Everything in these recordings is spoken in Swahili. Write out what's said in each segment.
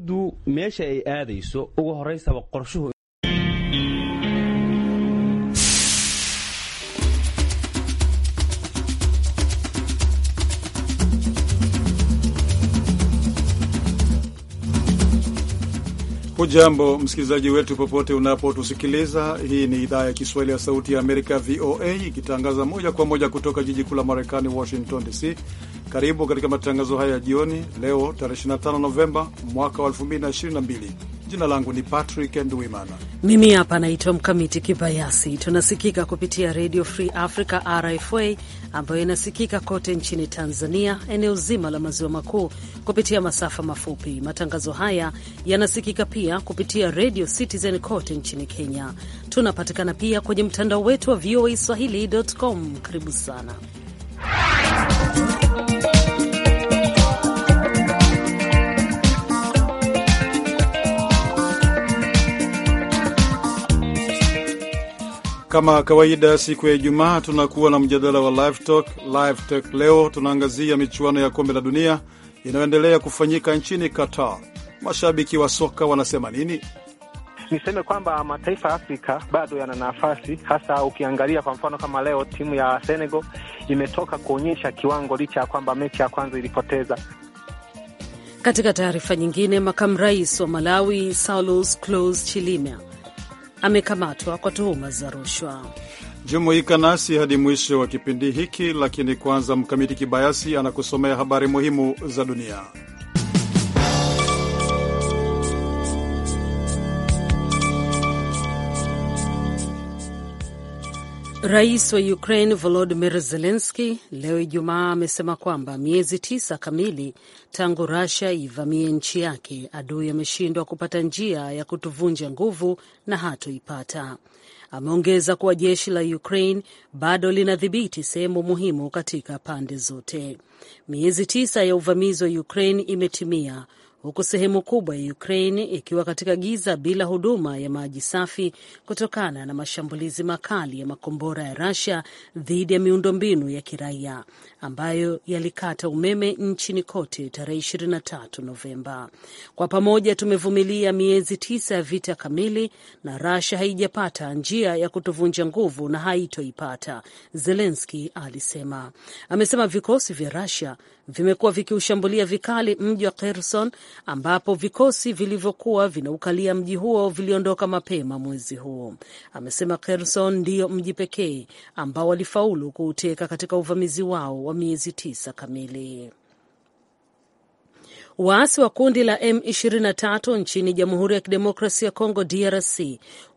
du meesha ay aadayso ugu horaysaba qorshuhu Hujambo msikilizaji wetu popote unapotusikiliza. Hii ni idhaa ya Kiswahili ya Sauti ya Amerika, VOA, ikitangaza moja kwa moja kutoka jiji kuu la Marekani, Washington DC. Karibu katika matangazo haya ya jioni leo tarehe 25 Novemba mwaka wa 2022. Jina langu ni Patrick nduimana Mimi hapa naitwa Mkamiti Kibayasi. Tunasikika kupitia Radio Free Africa, RFA, ambayo inasikika kote nchini Tanzania, eneo zima la maziwa makuu kupitia masafa mafupi. Matangazo haya yanasikika pia kupitia Radio Citizen kote nchini Kenya. Tunapatikana pia kwenye mtandao wetu wa VOA swahili.com. Karibu sana Kama kawaida siku ya Ijumaa tunakuwa na mjadala wa live talk. Live talk leo tunaangazia michuano ya kombe la dunia inayoendelea kufanyika nchini Qatar. Mashabiki wa soka wanasema nini? Niseme kwamba mataifa ya Afrika bado yana nafasi, hasa ukiangalia kwa mfano kama leo timu ya Senegal imetoka kuonyesha kiwango licha ya kwamba mechi ya kwanza ilipoteza. Katika taarifa nyingine, makamu rais wa Malawi Saulos Klaus Chilimya amekamatwa kwa tuhuma za rushwa. Jumuika nasi hadi mwisho wa kipindi hiki, lakini kwanza Mkamiti Kibayasi anakusomea habari muhimu za dunia. Rais wa Ukraine volodimir zelenski leo Ijumaa amesema kwamba miezi tisa kamili tangu rasia ivamie nchi yake, adui ameshindwa kupata njia ya kutuvunja nguvu na hatoipata. Ameongeza kuwa jeshi la Ukraine bado linadhibiti sehemu muhimu katika pande zote. Miezi tisa ya uvamizi wa Ukraine imetimia huku sehemu kubwa ya Ukraine ikiwa katika giza bila huduma ya maji safi kutokana na mashambulizi makali ya makombora ya Russia dhidi ya miundombinu ya kiraia ambayo yalikata umeme nchini kote tarehe 23 Novemba. Kwa pamoja tumevumilia miezi tisa ya vita kamili, na Russia haijapata njia ya kutuvunja nguvu na haitoipata, Zelensky alisema. Amesema vikosi vya Russia vimekuwa vikiushambulia vikali mji wa Kherson ambapo vikosi vilivyokuwa vinaukalia mji huo viliondoka mapema mwezi huo. Amesema Kherson ndiyo mji pekee ambao walifaulu kuuteka katika uvamizi wao wa miezi tisa kamili. Waasi wa kundi la M23 nchini Jamhuri ya Kidemokrasia ya Kongo DRC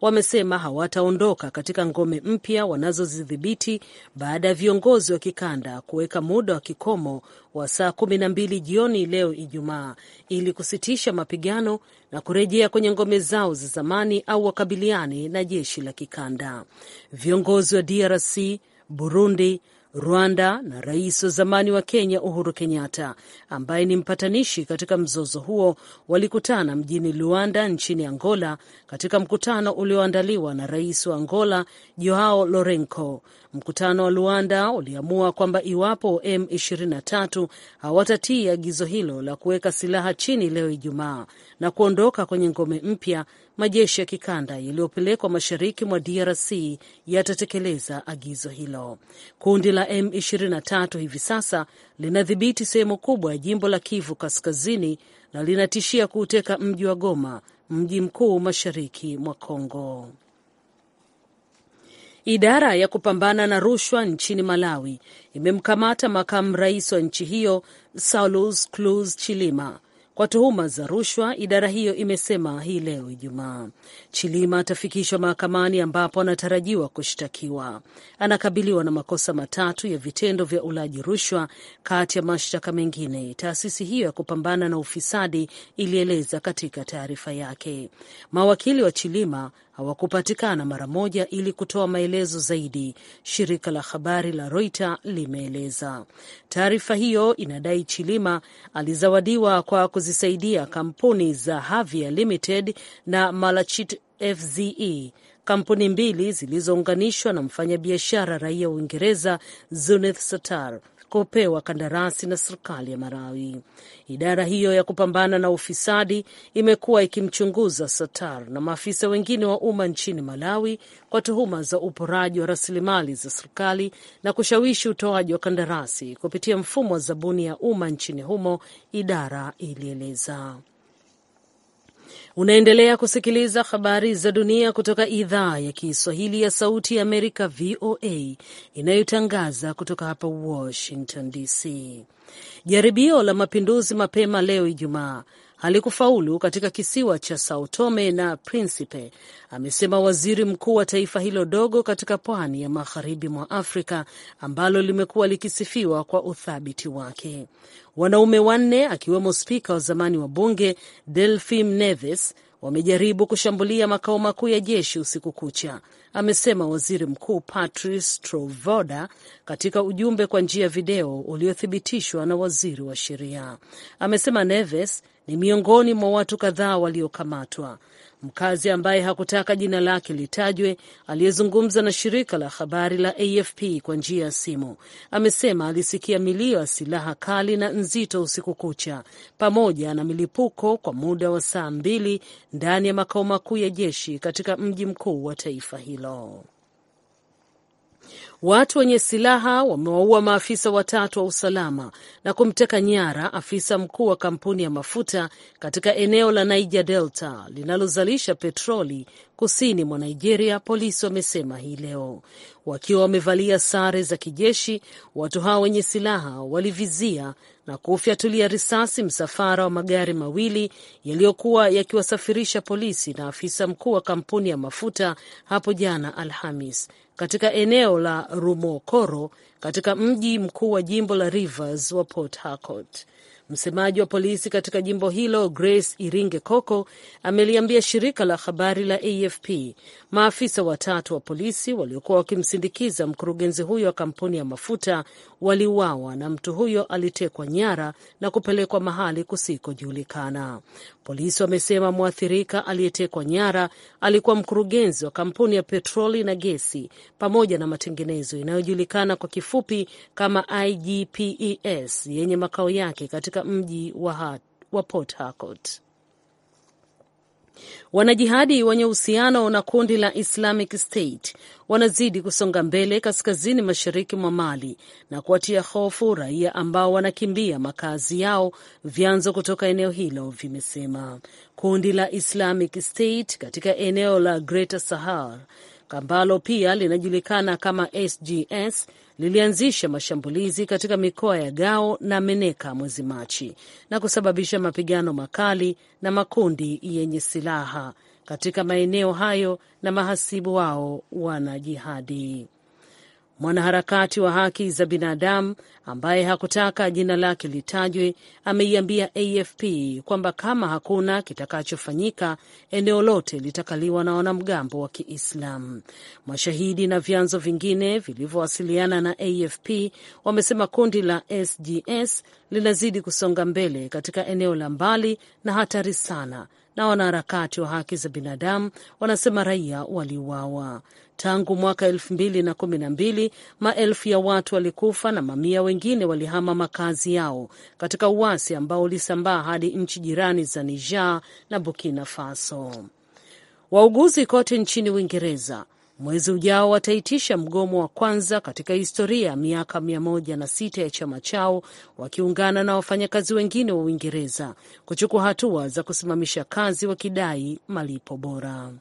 wamesema hawataondoka katika ngome mpya wanazozidhibiti baada ya viongozi wa kikanda kuweka muda wa kikomo wa saa mbili jioni leo Ijumaa ili kusitisha mapigano na kurejea kwenye ngome zao za zamani au wakabiliane na jeshi la kikanda. Viongozi wa DRC, Burundi, Rwanda na rais wa zamani wa Kenya Uhuru Kenyatta, ambaye ni mpatanishi katika mzozo huo, walikutana mjini Luanda nchini Angola katika mkutano ulioandaliwa na rais wa Angola Joao Lourenco Mkutano wa Luanda uliamua kwamba iwapo M23 hawatatii agizo hilo la kuweka silaha chini leo Ijumaa na kuondoka kwenye ngome mpya, majeshi ya kikanda yaliyopelekwa mashariki mwa DRC yatatekeleza agizo hilo. Kundi la M23 hivi sasa linadhibiti sehemu kubwa ya jimbo la Kivu Kaskazini na linatishia kuuteka mji wa Goma, mji mkuu mashariki mwa Kongo. Idara ya kupambana na rushwa nchini Malawi imemkamata makamu rais wa nchi hiyo Saulus Clus Chilima kwa tuhuma za rushwa, idara hiyo imesema hii leo Ijumaa. Chilima atafikishwa mahakamani ambapo anatarajiwa kushtakiwa. Anakabiliwa na makosa matatu ya vitendo vya ulaji rushwa kati ya mashtaka mengine, taasisi hiyo ya kupambana na ufisadi ilieleza katika taarifa yake. Mawakili wa Chilima hawakupatikana mara moja ili kutoa maelezo zaidi, shirika la habari la Reuters limeeleza. Taarifa hiyo inadai Chilima alizawadiwa kwa kuzisaidia kampuni za Havia Limited na Malachit FZE kampuni mbili zilizounganishwa na mfanyabiashara raia wa Uingereza Zunith Satar watakaopewa kandarasi na serikali ya Malawi. Idara hiyo ya kupambana na ufisadi imekuwa ikimchunguza Satar na maafisa wengine wa umma nchini Malawi kwa tuhuma za uporaji wa rasilimali za serikali na kushawishi utoaji wa kandarasi kupitia mfumo wa zabuni ya umma nchini humo, idara ilieleza. Unaendelea kusikiliza habari za dunia kutoka idhaa ya Kiswahili ya Sauti ya Amerika, VOA, inayotangaza kutoka hapa Washington DC. Jaribio la mapinduzi mapema leo Ijumaa halikufaulu katika kisiwa cha Sao Tome na Principe, amesema waziri mkuu wa taifa hilo dogo katika pwani ya magharibi mwa Afrika ambalo limekuwa likisifiwa kwa uthabiti wake. Wanaume wanne akiwemo spika wa zamani wa bunge Delfim Neves wamejaribu kushambulia makao makuu ya jeshi usiku kucha, amesema waziri mkuu Patrice Trovoda katika ujumbe kwa njia ya video uliothibitishwa na waziri wa sheria. Amesema Neves ni miongoni mwa watu kadhaa waliokamatwa. Mkazi ambaye hakutaka jina lake litajwe, aliyezungumza na shirika la habari la AFP kwa njia ya simu, amesema alisikia milio ya silaha kali na nzito usiku kucha pamoja na milipuko kwa muda wa saa mbili ndani ya makao makuu ya jeshi katika mji mkuu wa taifa hilo. Watu wenye silaha wamewaua maafisa watatu wa usalama na kumteka nyara afisa mkuu wa kampuni ya mafuta katika eneo la Niger Delta linalozalisha petroli kusini mwa Nigeria, polisi wamesema hii leo. Wakiwa wamevalia sare za kijeshi, watu hao wenye silaha walivizia na kufyatulia risasi msafara wa magari mawili yaliyokuwa yakiwasafirisha polisi na afisa mkuu wa kampuni ya mafuta hapo jana Alhamis katika eneo la Rumokoro katika mji mkuu wa jimbo la Rivers wa Port Harcourt. Msemaji wa polisi katika jimbo hilo Grace Iringe Koko ameliambia shirika la habari la AFP maafisa watatu wa polisi waliokuwa wakimsindikiza mkurugenzi huyo wa kampuni ya mafuta waliuawa na mtu huyo alitekwa nyara na kupelekwa mahali kusikojulikana. Polisi wamesema mwathirika aliyetekwa nyara alikuwa mkurugenzi wa kampuni ya petroli na gesi pamoja na matengenezo inayojulikana kwa kifupi kama IGPES yenye makao yake katika mji wa, wa Port Harcourt. Wanajihadi wenye uhusiano na kundi la Islamic State wanazidi kusonga mbele kaskazini mashariki mwa Mali na kuwatia hofu raia ambao wanakimbia makazi yao, vyanzo kutoka eneo hilo vimesema. Kundi la Islamic State katika eneo la Greater sahar ambalo pia linajulikana kama SGS lilianzisha mashambulizi katika mikoa ya Gao na Meneka mwezi Machi na kusababisha mapigano makali na makundi yenye silaha katika maeneo hayo na mahasibu wao wanajihadi. Mwanaharakati wa haki za binadamu ambaye hakutaka jina lake litajwe ameiambia AFP kwamba kama hakuna kitakachofanyika, eneo lote litakaliwa na wanamgambo wa Kiislamu. Mashahidi na vyanzo vingine vilivyowasiliana na AFP wamesema kundi la SGS linazidi kusonga mbele katika eneo la mbali na hatari sana na wanaharakati wa haki za binadamu wanasema raia waliuawa. Tangu mwaka elfu mbili na kumi na mbili maelfu ya watu walikufa na mamia wengine walihama makazi yao katika uasi ambao ulisambaa hadi nchi jirani za Niger na Burkina Faso. Wauguzi kote nchini Uingereza Mwezi ujao wataitisha mgomo wa kwanza katika historia ya miaka sita ya chama chao, wakiungana na wafanyakazi wengine wa Uingereza kuchukua hatua za kusimamisha kazi wakidai malipo bora.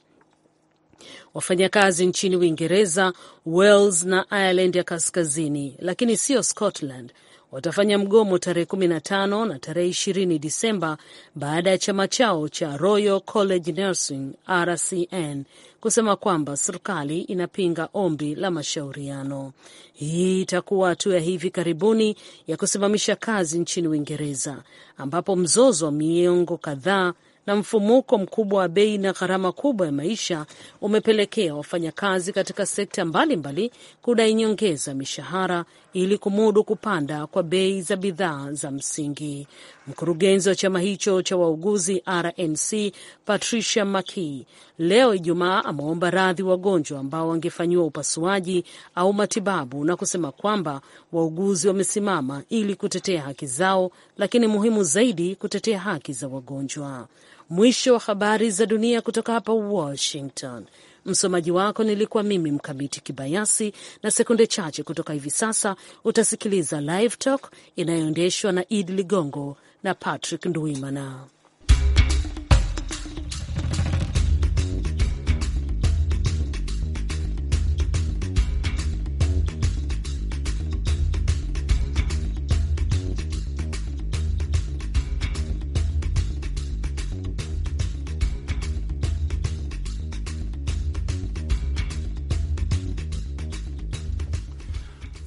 Wafanyakazi nchini Uingereza, Wales na Ireland ya Kaskazini, lakini sio Scotland watafanya mgomo tarehe 15 na tarehe 20 Disemba baada ya chama chao cha Royal College Nursing RCN kusema kwamba serikali inapinga ombi la mashauriano. Hii itakuwa hatua ya hivi karibuni ya kusimamisha kazi nchini Uingereza, ambapo mzozo wa miongo kadhaa na mfumuko mkubwa wa bei na gharama kubwa ya maisha umepelekea wafanyakazi katika sekta mbalimbali kudai nyongeza mishahara, ili kumudu kupanda kwa bei za bidhaa za msingi. Mkurugenzi wa chama hicho cha wauguzi RNC Patricia Maki leo Ijumaa ameomba radhi wagonjwa ambao wangefanyiwa upasuaji au matibabu na kusema kwamba wauguzi wamesimama ili kutetea haki zao, lakini muhimu zaidi kutetea haki za wagonjwa. Mwisho wa habari za dunia kutoka hapa Washington. Msomaji wako nilikuwa mimi Mkamiti Kibayasi, na sekunde chache kutoka hivi sasa utasikiliza Live Talk inayoendeshwa na Idi Ligongo na Patrick Nduimana.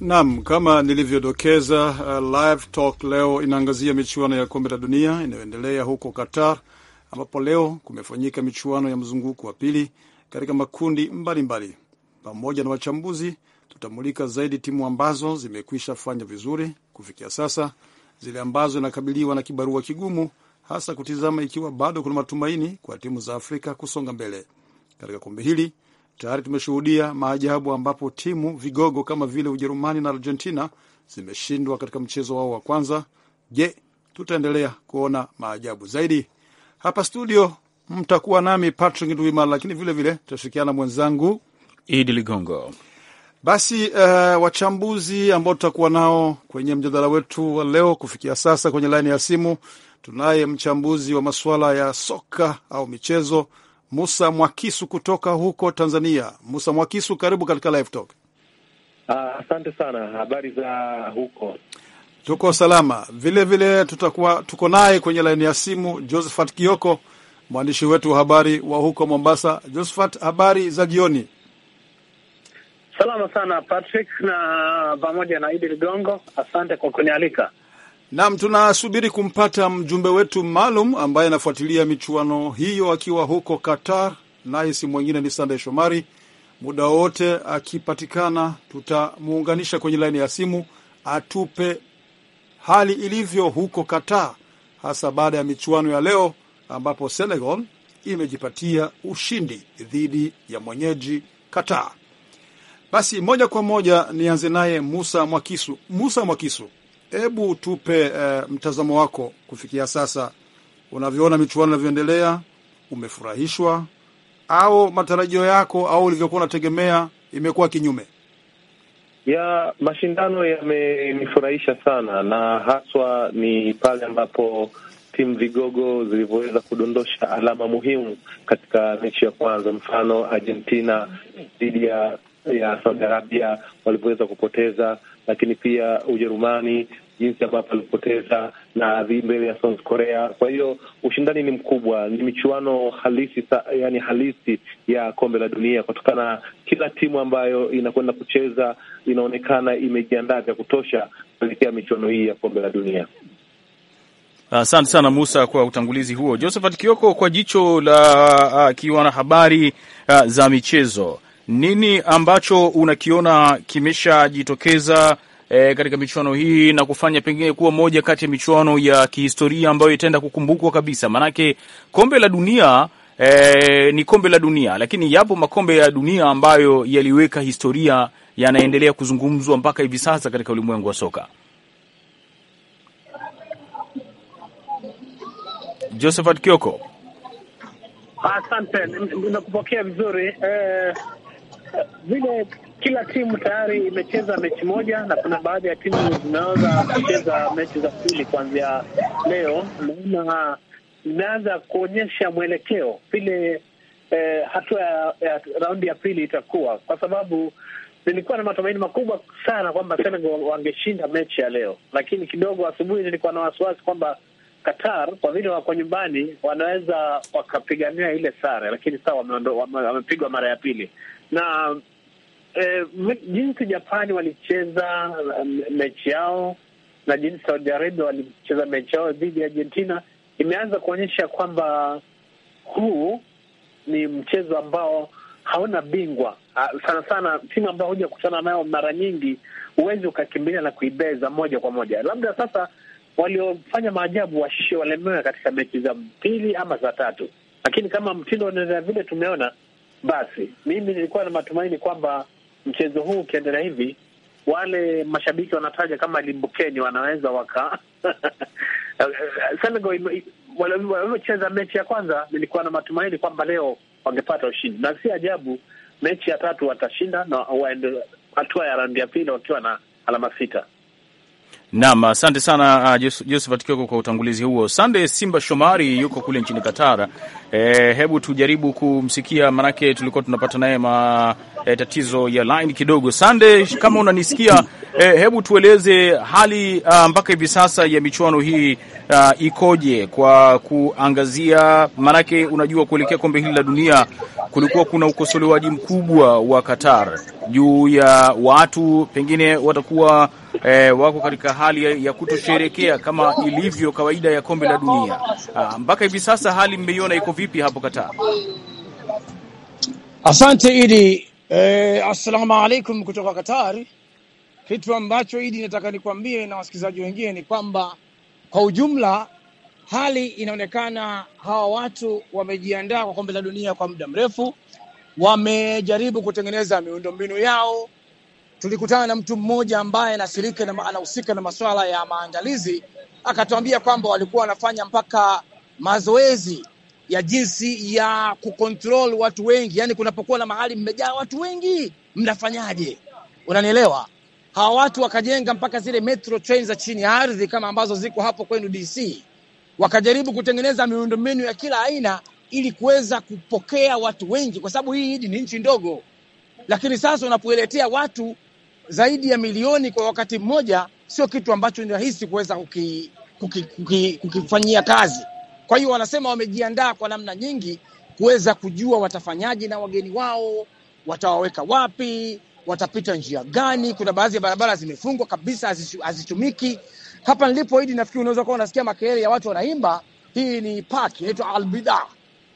Naam, kama nilivyodokeza, uh, Live Talk leo inaangazia michuano ya kombe la dunia inayoendelea huko Qatar, ambapo leo kumefanyika michuano ya mzunguko wa pili katika makundi mbalimbali. Pamoja na wachambuzi, tutamulika zaidi timu ambazo zimekwisha fanya vizuri kufikia sasa, zile ambazo inakabiliwa na kibarua kigumu, hasa kutizama ikiwa bado kuna matumaini kwa timu za Afrika kusonga mbele katika kombe hili. Tayari tumeshuhudia maajabu ambapo timu vigogo kama vile Ujerumani na Argentina zimeshindwa katika mchezo wao wa kwanza. Je, tutaendelea kuona maajabu zaidi? Hapa studio mtakuwa nami Patrick Ndwimana, lakini vilevile tutashirikiana mwenzangu Idi Ligongo. Basi uh, wachambuzi ambao tutakuwa nao kwenye mjadala wetu wa leo, kufikia sasa kwenye laini ya simu tunaye mchambuzi wa masuala ya soka au michezo Musa Mwakisu kutoka huko Tanzania. Musa Mwakisu, karibu katika Live Talk. Ah, asante uh, sana. Habari za huko? Tuko salama vilevile tutakuwa tuko naye kwenye laini ya simu Josephat Kioko, mwandishi wetu wa habari wa huko Mombasa. Josephat, habari za jioni? Salama sana Patrick na pamoja na Idi Ligongo, asante kwa kunialika. Nam, tunasubiri kumpata mjumbe wetu maalum ambaye anafuatilia michuano hiyo akiwa huko Qatar, naye si mwingine ni Sandey Shomari. Muda wowote akipatikana, tutamuunganisha kwenye laini ya simu atupe hali ilivyo huko Qatar, hasa baada ya michuano ya leo ambapo Senegal imejipatia ushindi dhidi ya mwenyeji Qatar. Basi moja kwa moja nianze naye Musa Mwakisu. Musa Mwakisu, hebu tupe e, mtazamo wako kufikia sasa, unavyoona michuano inavyoendelea, umefurahishwa au matarajio yako au ulivyokuwa unategemea imekuwa kinyume? ya mashindano yamenifurahisha sana, na haswa ni pale ambapo timu vigogo zilivyoweza kudondosha alama muhimu katika mechi ya kwanza. Mfano Argentina dhidi ya ya Saudi Arabia walivyoweza kupoteza lakini pia Ujerumani jinsi ambavyo alipoteza na mbele ya South Korea. Kwa hiyo ushindani ni mkubwa, ni michuano halisi sa, yani halisi ya kombe la dunia, kutokana kila timu ambayo inakwenda kucheza inaonekana imejiandaa vya kutosha kuelekea michuano hii ya kombe la dunia. Asante uh, sana Musa kwa utangulizi huo. Josephat Kioko, kwa jicho la uh, kiwanahabari uh, za michezo nini ambacho unakiona kimeshajitokeza e, katika michuano hii na kufanya pengine kuwa moja kati ya michuano ya kihistoria ambayo itaenda kukumbukwa kabisa? Maanake kombe la dunia e, ni kombe la dunia, lakini yapo makombe ya dunia ambayo yaliweka historia yanaendelea kuzungumzwa mpaka hivi sasa katika ulimwengu wa soka. Josephat Kioko, asante, nimekupokea vizuri eh vile kila timu tayari imecheza mechi moja na kuna baadhi ya timu zimeanza kucheza mechi za pili kuanzia leo, naona imeanza kuonyesha mwelekeo vile eh, hatua ya, ya raundi ya pili itakuwa, kwa sababu nilikuwa na matumaini makubwa sana kwamba Senegal wangeshinda mechi ya leo, lakini kidogo asubuhi nilikuwa na wasiwasi kwamba Qatar kwa vile wako nyumbani wanaweza wakapigania ile sare, lakini sawa, wamepigwa mara ya pili na eh, jinsi Japani walicheza um, mechi yao na jinsi Saudi Arabia walicheza mechi yao dhidi ya Argentina imeanza kuonyesha kwamba huu ni mchezo ambao hauna bingwa ah, sana sana. Timu ambayo huja kukutana nayo mara nyingi huwezi ukakimbilia na kuibeza moja kwa moja. Labda sasa waliofanya maajabu washishe walemewe katika mechi za pili ama za tatu, lakini kama mtindo unaendelea vile tumeona basi mimi nilikuwa na matumaini kwamba mchezo huu ukiendelea hivi, wale mashabiki wanataja kama limbukeni, wanaweza waka Senegal walivyocheza mechi ya kwanza, nilikuwa na matumaini kwamba leo wangepata ushindi, na si ajabu mechi ya tatu watashinda na waende hatua ya raundi ya pili wakiwa na alama sita. Naam, asante sana uh, Josephat Kioko kwa utangulizi huo. Sande Simba Shomari yuko kule nchini Qatar. E, hebu tujaribu kumsikia, manake tulikuwa tunapata naye e, tatizo ya line kidogo. Sande, kama unanisikia E, hebu tueleze hali uh, mpaka hivi sasa ya michuano hii uh, ikoje kwa kuangazia, maanake unajua kuelekea kombe hili la dunia kulikuwa kuna ukosolewaji mkubwa wa Qatar juu ya watu pengine watakuwa eh, wako katika hali ya kutosherekea kama ilivyo kawaida ya kombe la dunia. Uh, mpaka hivi sasa hali mmeiona iko vipi hapo Qatar? Asante Idi. Eh, assalamu alaikum kutoka Qatar. Kitu ambacho Idi nataka nikwambie na wasikilizaji wengine ni kwamba kwa ujumla hali inaonekana hawa watu wamejiandaa kwa kombe la dunia kwa muda mrefu, wamejaribu kutengeneza miundombinu yao. Tulikutana na mtu mmoja ambaye anashirika na anahusika na masuala ya maandalizi, akatuambia kwamba walikuwa wanafanya mpaka mazoezi ya jinsi ya kukontrol watu wengi, yani kunapokuwa na mahali mmejaa watu wengi mnafanyaje? Unanielewa? hawa watu wakajenga mpaka zile metro train za chini ya ardhi kama ambazo ziko hapo kwenu DC, wakajaribu kutengeneza miundombinu ya kila aina ili kuweza kupokea watu wengi, kwa sababu hii ni nchi ndogo. Lakini sasa unapoeletea watu zaidi ya milioni kwa wakati mmoja, sio kitu ambacho ni rahisi kuweza kuki, kuki, kuki, kukifanyia kazi. Kwa hiyo wanasema wamejiandaa kwa namna nyingi kuweza kujua watafanyaje na wageni wao, watawaweka wapi watapita njia gani? Kuna baadhi ya barabara zimefungwa kabisa, hazitumiki. Hapa nilipo hidi, nafikiri unaweza kuwa unasikia makelele ya watu wanaimba. Hii ni park inaitwa Albida.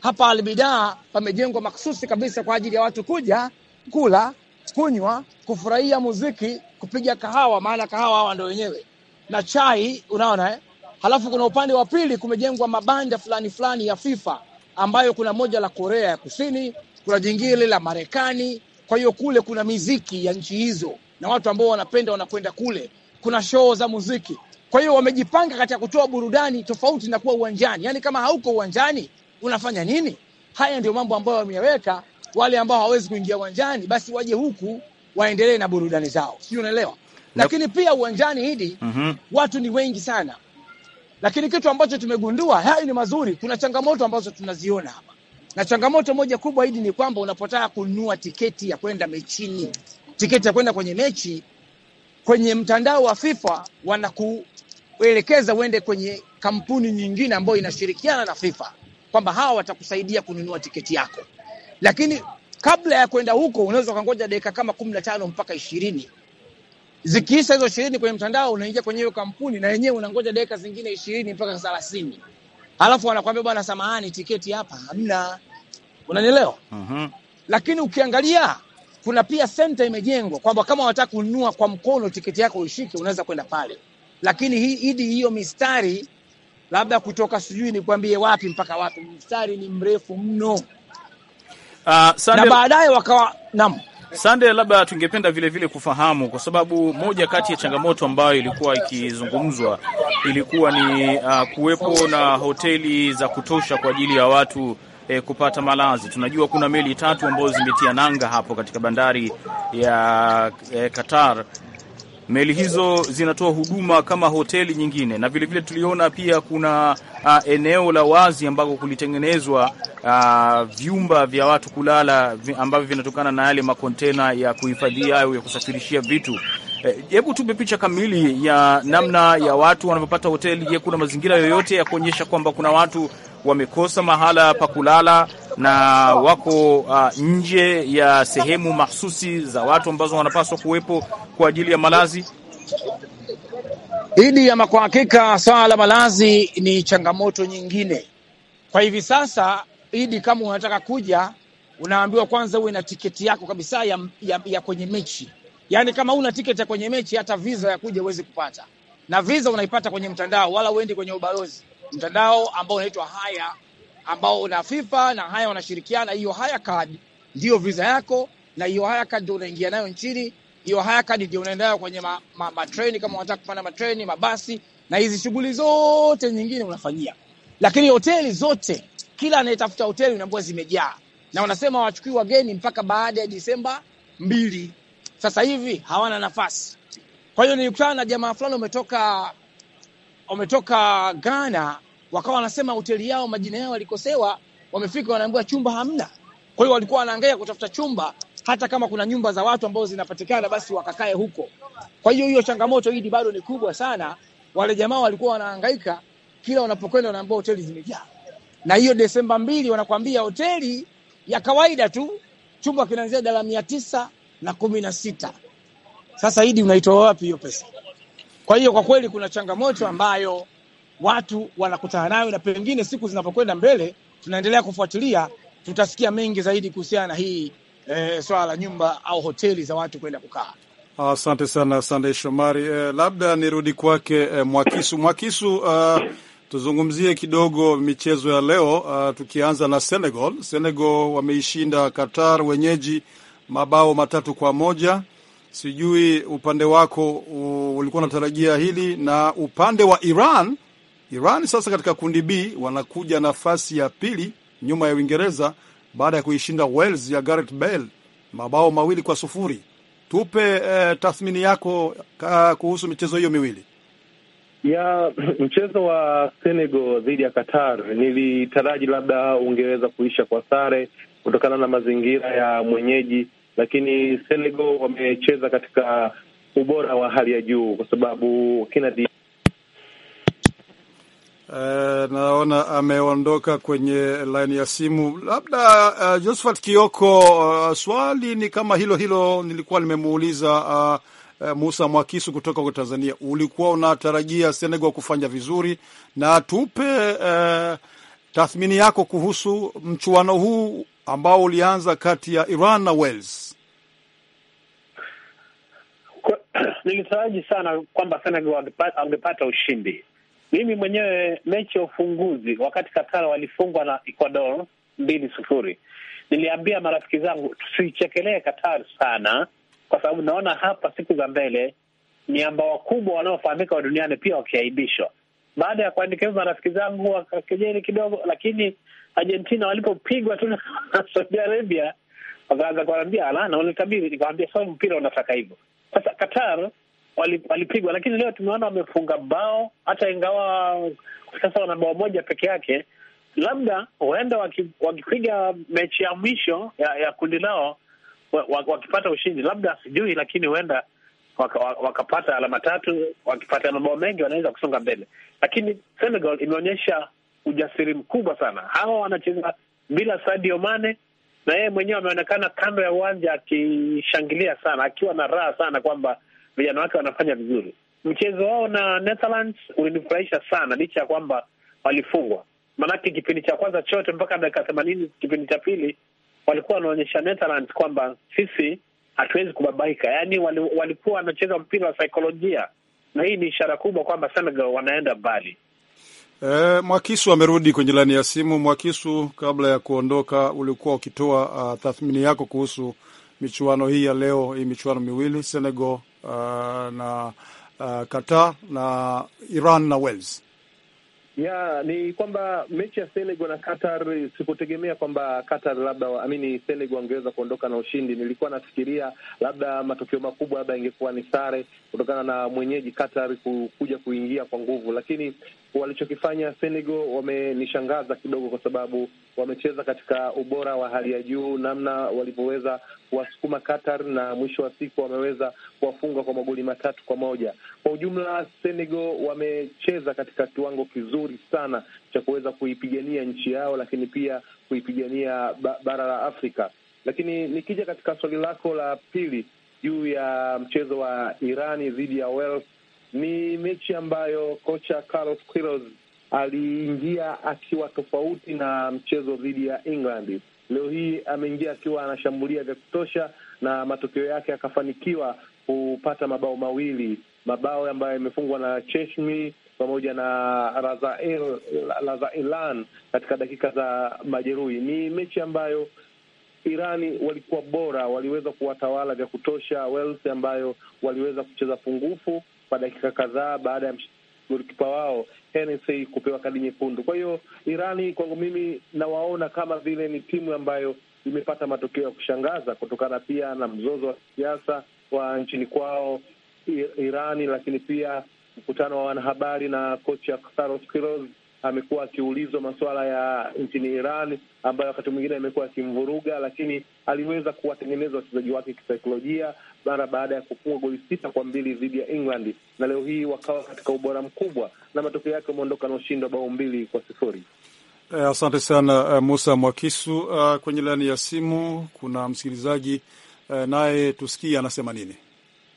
Hapa Albida pamejengwa maksusi kabisa kwa ajili ya watu kuja kula, kunywa, kufurahia muziki, kupiga kahawa, maana kahawa hawa ndio wenyewe na chai, unaona eh? Halafu kuna upande wa pili kumejengwa mabanda fulani fulani ya FIFA ambayo kuna moja la Korea ya Kusini, kuna jingine la Marekani kwa hiyo kule kuna miziki ya nchi hizo na watu ambao wanapenda wanakwenda kule, kuna show za muziki. Kwa hiyo wamejipanga katika kutoa burudani tofauti na kuwa uwanjani. Yani kama hauko uwanjani unafanya nini? Haya ndio mambo ambayo wameyaweka. Wale ambao hawawezi kuingia uwanjani, basi waje huku waendelee na burudani zao, si unaelewa? Lakini pia uwanjani hidi mm -hmm. watu ni wengi sana, lakini kitu ambacho tumegundua, hayo ni mazuri. Kuna changamoto ambazo tunaziona hapa na changamoto moja kubwa hidi ni kwamba unapotaka kununua tiketi ya kwenda mechini, tiketi ya kwenda kwenye mechi kwenye mtandao wa FIFA wanakuelekeza uende kwenye kampuni nyingine ambayo inashirikiana na FIFA kwamba hawa watakusaidia kununua tiketi yako, lakini kabla ya kwenda huko unaweza ukangoja dakika kama kumi na tano mpaka ishirini. Zikiisha hizo ishirini kwenye mtandao unaingia kwenye hiyo kampuni na yenyewe unangoja dakika zingine ishirini mpaka thelathini Alafu wanakwambia bwana, samahani, tiketi hapa hamna. Unanielewa? uh-huh. Lakini ukiangalia kuna pia senta imejengwa kwamba kama wataka kununua kwa mkono tiketi yako uishike, unaweza kwenda pale, lakini hii idi hiyo mistari labda kutoka sijui nikwambie wapi mpaka wapi, mstari ni mrefu mno. Uh, na baadaye wakawa naam Sande, labda tungependa vilevile vile kufahamu, kwa sababu moja kati ya changamoto ambayo ilikuwa ikizungumzwa ilikuwa ni uh, kuwepo na hoteli za kutosha kwa ajili ya watu E, kupata malazi. Tunajua kuna meli tatu ambazo zimetia nanga hapo katika bandari ya e, Qatar meli hizo zinatoa huduma kama hoteli nyingine, na vilevile tuliona pia kuna a, ah, eneo la wazi ambako kulitengenezwa ah, vyumba vya watu kulala ambavyo vinatokana na yale makontena ya kuhifadhia au ya kusafirishia vitu. Eh, hebu tupe picha kamili ya namna ya watu wanavyopata hoteli. Je, kuna mazingira yoyote ya kuonyesha kwamba kuna watu wamekosa mahala pa kulala na wako uh, nje ya sehemu mahsusi za watu ambazo wanapaswa kuwepo kwa ajili ya malazi idi ama. Kwa hakika swala la malazi ni changamoto nyingine kwa hivi sasa. Idi, kama unataka kuja, unaambiwa kwanza uwe na tiketi yako kabisa ya, ya, ya kwenye mechi. Yaani kama una tiketi ya kwenye mechi, hata visa ya kuja huwezi kupata, na visa unaipata kwenye mtandao, wala uendi kwenye ubalozi mtandao ambao unaitwa Haya ambao una FIFA na Haya wanashirikiana. Hiyo Haya card ndio visa yako, na hiyo Haya card ndio unaingia nayo nchini. Hiyo Haya card ndio unaenda nayo kwenye ma, ma, ma kama unataka kupanda matreni, mabasi na hizi shughuli zote nyingine unafanyia. Lakini hoteli zote, kila anayetafuta hoteli unaambiwa zimejaa, na wanasema wachukui wageni mpaka baada ya Disemba mbili. Sasa hivi hawana nafasi. Kwa hiyo nilikutana na jamaa fulani umetoka wametoka Ghana, wakawa wanasema hoteli yao majina yao walikosewa, wamefika wanaambiwa chumba hamna. Kwa hiyo walikuwa wanaangalia kutafuta chumba, hata kama kuna nyumba za watu ambao zinapatikana, basi wakakae huko. Kwa hiyo hiyo changamoto hii bado ni kubwa sana. Wale jamaa walikuwa wanahangaika, kila wanapokwenda wanaambiwa hoteli zimejaa, na hiyo Desemba mbili wanakwambia hoteli ya kawaida tu chumba kinaanzia dala mia tisa na kumi na sita. Sasa hidi unaitoa wapi hiyo pesa? Kwa hiyo kwa kweli kuna changamoto ambayo watu wanakutana nayo, na pengine siku zinapokwenda mbele, tunaendelea kufuatilia, tutasikia mengi zaidi kuhusiana na hii e, swala la nyumba au hoteli za watu kwenda kukaa. Asante sana Sandey Shomari. E, labda nirudi kwake e, Mwakisu. Mwakisu, uh, tuzungumzie kidogo michezo ya leo uh, tukianza na Senegal. Senegal wameishinda Qatar wenyeji mabao matatu kwa moja. Sijui upande wako ulikuwa unatarajia hili. Na upande wa Iran, Iran sasa katika kundi B wanakuja nafasi ya pili nyuma ya Uingereza baada ya kuishinda Wales ya Gareth Bale mabao mawili kwa sufuri. Tupe eh, tathmini yako kuhusu michezo hiyo miwili ya mchezo wa Senegal dhidi ya Qatar. Nilitaraji labda ungeweza kuisha kwa sare kutokana na mazingira ya mwenyeji lakini Senegal wamecheza katika ubora wa hali ya juu kwa sababu kina Uh, naona ameondoka kwenye laini ya simu. Labda uh, Josephat Kioko, uh, swali ni kama hilo hilo nilikuwa nimemuuliza uh, uh, Musa Mwakisu kutoka kwa Tanzania. Ulikuwa unatarajia Senegal kufanya vizuri, na tupe uh, tathmini yako kuhusu mchuano huu ambao ulianza kati ya Iran na Wales? Nilitaraji sana kwamba Senegal angepata ushindi. Mimi mwenyewe mechi ya ufunguzi, wakati katar walifungwa na Ecuador mbili sufuri, niliambia marafiki zangu tusichekelee Katar sana, kwa sababu naona hapa siku za mbele miamba wakubwa wanaofahamika wa duniani pia wakiaibishwa. Baada ya kuandikia marafiki zangu wakakejeli kidogo, lakini Argentina walipopigwa tu na Saudi Arabia, wakaanza kuwaambia alana, walitabiri, nikawambia sawa, mpira unataka hivyo. Sasa Qatar walipigwa, lakini leo tumeona wamefunga bao, hata ingawa sasa wana bao moja peke yake. Labda huenda wakipiga mechi ya mwisho ya, ya kundi lao wakipata ushindi, labda sijui, lakini huenda wakapata alama tatu. Wakipata mabao mengi, wanaweza kusonga mbele, lakini Senegal imeonyesha ujasiri mkubwa sana. Hawa wanacheza bila Sadio Mane, na yeye mwenyewe ameonekana kando ya uwanja akishangilia sana, akiwa na raha sana kwamba vijana wake wanafanya vizuri. Mchezo wao na Netherlands ulinifurahisha sana, licha ya kwamba walifungwa, maanake kipindi cha kwanza chote mpaka dakika themanini, kipindi cha pili walikuwa wanaonyesha Netherlands kwamba sisi hatuwezi kubabaika. Yaani wali, walikuwa wanacheza mpira wa saikolojia, na hii ni ishara kubwa kwamba Senegal wanaenda mbali. E, Mwakisu amerudi kwenye laini ya simu. Mwakisu, kabla ya kuondoka, ulikuwa ukitoa uh, tathmini yako kuhusu michuano hii ya leo, hii michuano miwili Senegal uh, na uh, Qatar na Iran na Wales. Ya, ni kwamba mechi ya Senegal na Qatar sikutegemea kwamba Qatar labda amini Senegal angeweza kuondoka na ushindi. Nilikuwa nafikiria labda matokeo makubwa labda ingekuwa ni sare kutokana na mwenyeji Qatar kuja kuingia kwa nguvu, lakini walichokifanya Senegal wamenishangaza kidogo, kwa sababu wamecheza katika ubora wa hali ya juu, namna walivyoweza kuwasukuma Qatar na mwisho wa siku wameweza kuwafunga kwa magoli matatu kwa moja. Kwa ujumla, Senegal wamecheza katika kiwango kizuri sana cha kuweza kuipigania nchi yao, lakini pia kuipigania bara la Afrika. Lakini nikija katika swali lako la pili juu ya mchezo wa Irani dhidi ya Wales ni mechi ambayo kocha Carlos Quiroz aliingia akiwa tofauti na mchezo dhidi ya England. Leo hii ameingia akiwa anashambulia vya kutosha, na matokeo yake akafanikiwa kupata mabao mawili, mabao ambayo yamefungwa na Cheshmi pamoja na Razael, Razaelan katika dakika za majeruhi. Ni mechi ambayo Irani walikuwa bora, waliweza kuwatawala vya kutosha Wales ambayo waliweza kucheza pungufu kwa dakika kadhaa baada ya golikipa wao Hennessy kupewa kadi nyekundu. Kwa hiyo Irani kwangu mimi nawaona kama vile ni timu ambayo imepata matokeo ya kushangaza kutokana pia na mzozo wa kisiasa wa nchini kwao Irani, lakini pia mkutano wa wanahabari na kocha Saros amekuwa akiulizwa masuala ya nchini iran ambayo wakati mwingine amekuwa akimvuruga, lakini aliweza kuwatengeneza wachezaji wake kisaikolojia mara baada ya kufunga goli sita kwa mbili dhidi ya England, na leo hii wakawa katika ubora mkubwa, na matokeo yake wameondoka na ushindi wa bao mbili kwa sifuri. Eh, asante eh, sana Musa Mwakisu. Uh, kwenye laini ya simu kuna msikilizaji uh, naye tusikie anasema nini.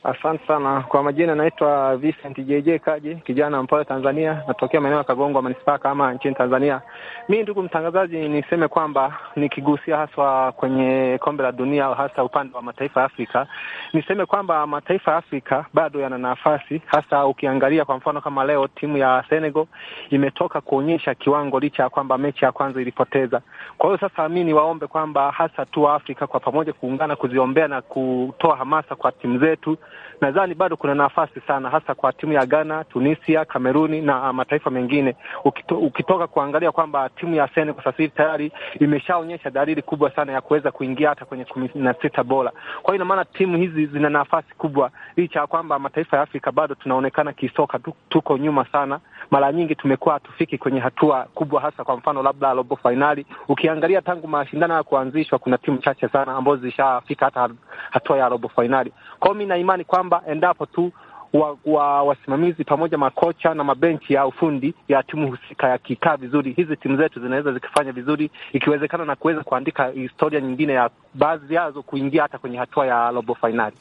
Asante sana kwa majina, naitwa Vincent JJ Kaji, kijana mpole Tanzania, natokea maeneo ya Kagongwa manispaa kama nchini Tanzania. Mi ndugu mtangazaji, niseme kwamba nikigusia haswa kwenye kombe la dunia hasa upande wa mataifa ya Afrika, niseme kwamba mataifa ya Afrika bado yana nafasi, hasa ukiangalia kwa mfano kama leo timu ya Senegal imetoka kuonyesha kiwango licha ya kwamba mechi ya kwanza ilipoteza. Kwa hiyo sasa mi niwaombe kwamba hasa tu Afrika kwa pamoja kuungana, kuziombea na kutoa hamasa kwa timu zetu nadhani bado kuna nafasi sana, hasa kwa timu ya Ghana, Tunisia, Kameruni na ah, mataifa mengine. Ukito, ukitoka kuangalia kwamba timu ya Senegal kwa sasa hivi tayari imeshaonyesha dalili kubwa sana ya kuweza kuingia hata kwenye kumi na sita bora. Kwa hiyo ina maana timu hizi zina nafasi kubwa, licha ya kwamba mataifa ya Afrika bado tunaonekana kisoka, tuko nyuma sana mara nyingi tumekuwa hatufiki kwenye hatua kubwa, hasa kwa mfano labda robo fainali. Ukiangalia tangu mashindano ya kuanzishwa, kuna timu chache sana ambazo zishafika hata hatua ya robo fainali. Kwa hiyo mi naimani kwamba endapo tu wa, wa wasimamizi pamoja makocha na mabenchi ya ufundi ya timu husika yakikaa vizuri, hizi timu zetu zinaweza zikifanya vizuri, ikiwezekana na kuweza kuandika historia nyingine ya baadhi yazo kuingia hata kwenye hatua ya robo fainali.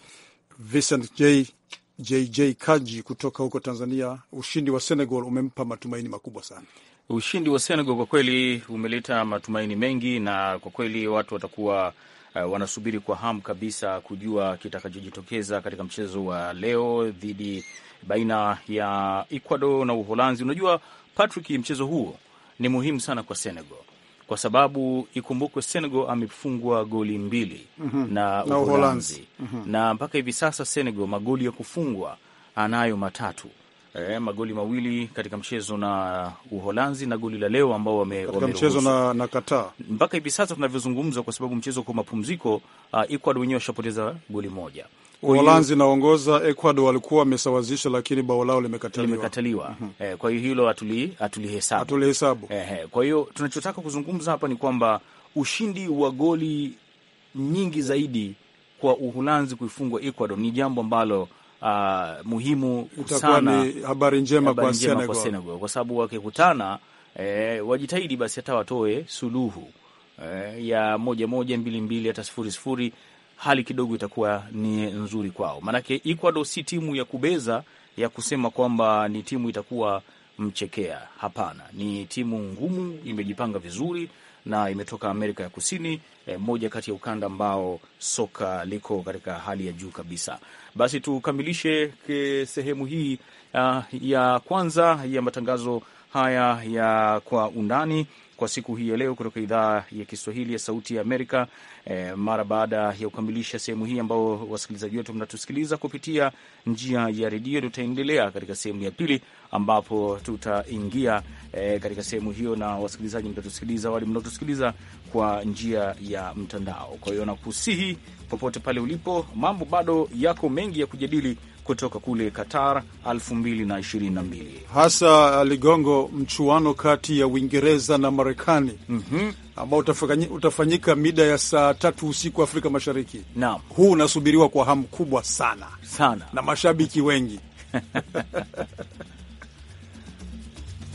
Vincent J JJ Kaji kutoka huko Tanzania, ushindi wa Senegal umempa matumaini makubwa sana. Ushindi wa Senegal kwa kweli umeleta matumaini mengi, na kwa kweli watu watakuwa uh, wanasubiri kwa hamu kabisa kujua kitakachojitokeza katika mchezo wa leo dhidi baina ya Ecuador na Uholanzi. Unajua Patrick, mchezo huo ni muhimu sana kwa Senegal kwa sababu ikumbukwe Senegal amefungwa goli mbili mm -hmm. na Uholanzi mm -hmm. na mpaka hivi sasa Senegal magoli ya kufungwa anayo matatu eh, magoli mawili katika mchezo na Uholanzi na goli la leo ambao wame, wame mchezo na, na Kataa mpaka hivi sasa tunavyozungumza, kwa sababu mchezo kwa mapumziko uh, Ecuador wenyewe washapoteza goli moja. Uholanzi naongoza Ecuador walikuwa wamesawazisha, lakini bao lao limekataliwa, limekataliwa. Mm -hmm. Eh, kwa hiyo hilo hatulihesabu, Eh, eh, kwa hiyo tunachotaka kuzungumza hapa ni kwamba ushindi wa goli nyingi zaidi kwa Uholanzi kuifungwa Ecuador ni jambo ambalo uh, muhimu sana, ni habari njema, kwa Senegal, kwa Senegal kwa sababu wakikutana eh, wajitahidi basi hata watoe suluhu eh, ya moja moja mbili mbili hata sifuri sifuri hali kidogo itakuwa ni nzuri kwao, maanake Ecuador si timu ya kubeza ya kusema kwamba ni timu itakuwa mchekea. Hapana, ni timu ngumu, imejipanga vizuri na imetoka Amerika ya Kusini, mmoja eh, kati ya ukanda ambao soka liko katika hali ya juu kabisa. Basi tukamilishe eh, sehemu hii uh, ya kwanza ya matangazo haya ya kwa undani kwa siku hii ya leo kutoka idhaa ya Kiswahili ya Sauti ya Amerika. E, mara baada ya kukamilisha sehemu hii ambao wasikilizaji wetu mnatusikiliza kupitia njia ya redio, tutaendelea katika sehemu ya pili ambapo tutaingia e, katika sehemu hiyo, na wasikilizaji mtatusikiliza, wale mnaotusikiliza kwa njia ya mtandao. Kwa hiyo nakusihi popote pale ulipo, mambo bado yako mengi ya kujadili kutoka kule Qatar 2022 hasa uh, Ligongo, mchuano kati ya Uingereza na Marekani mm -hmm. ambao utafanyika mida ya saa tatu usiku Afrika Mashariki. Naam, huu unasubiriwa kwa hamu kubwa sana sana na mashabiki wengi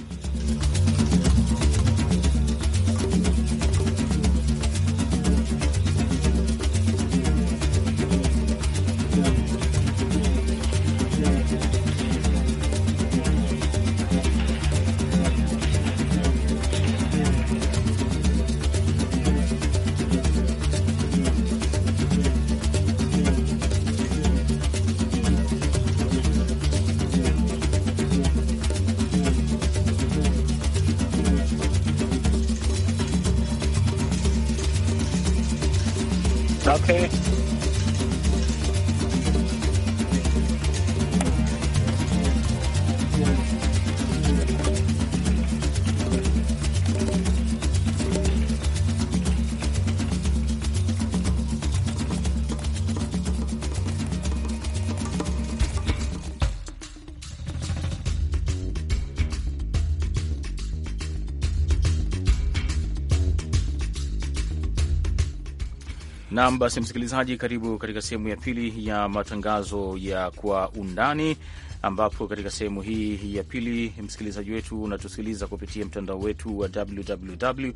Nam, basi msikilizaji, karibu katika sehemu ya pili ya matangazo ya kwa undani, ambapo katika sehemu hii ya pili, msikilizaji wetu unatusikiliza kupitia mtandao wetu wa www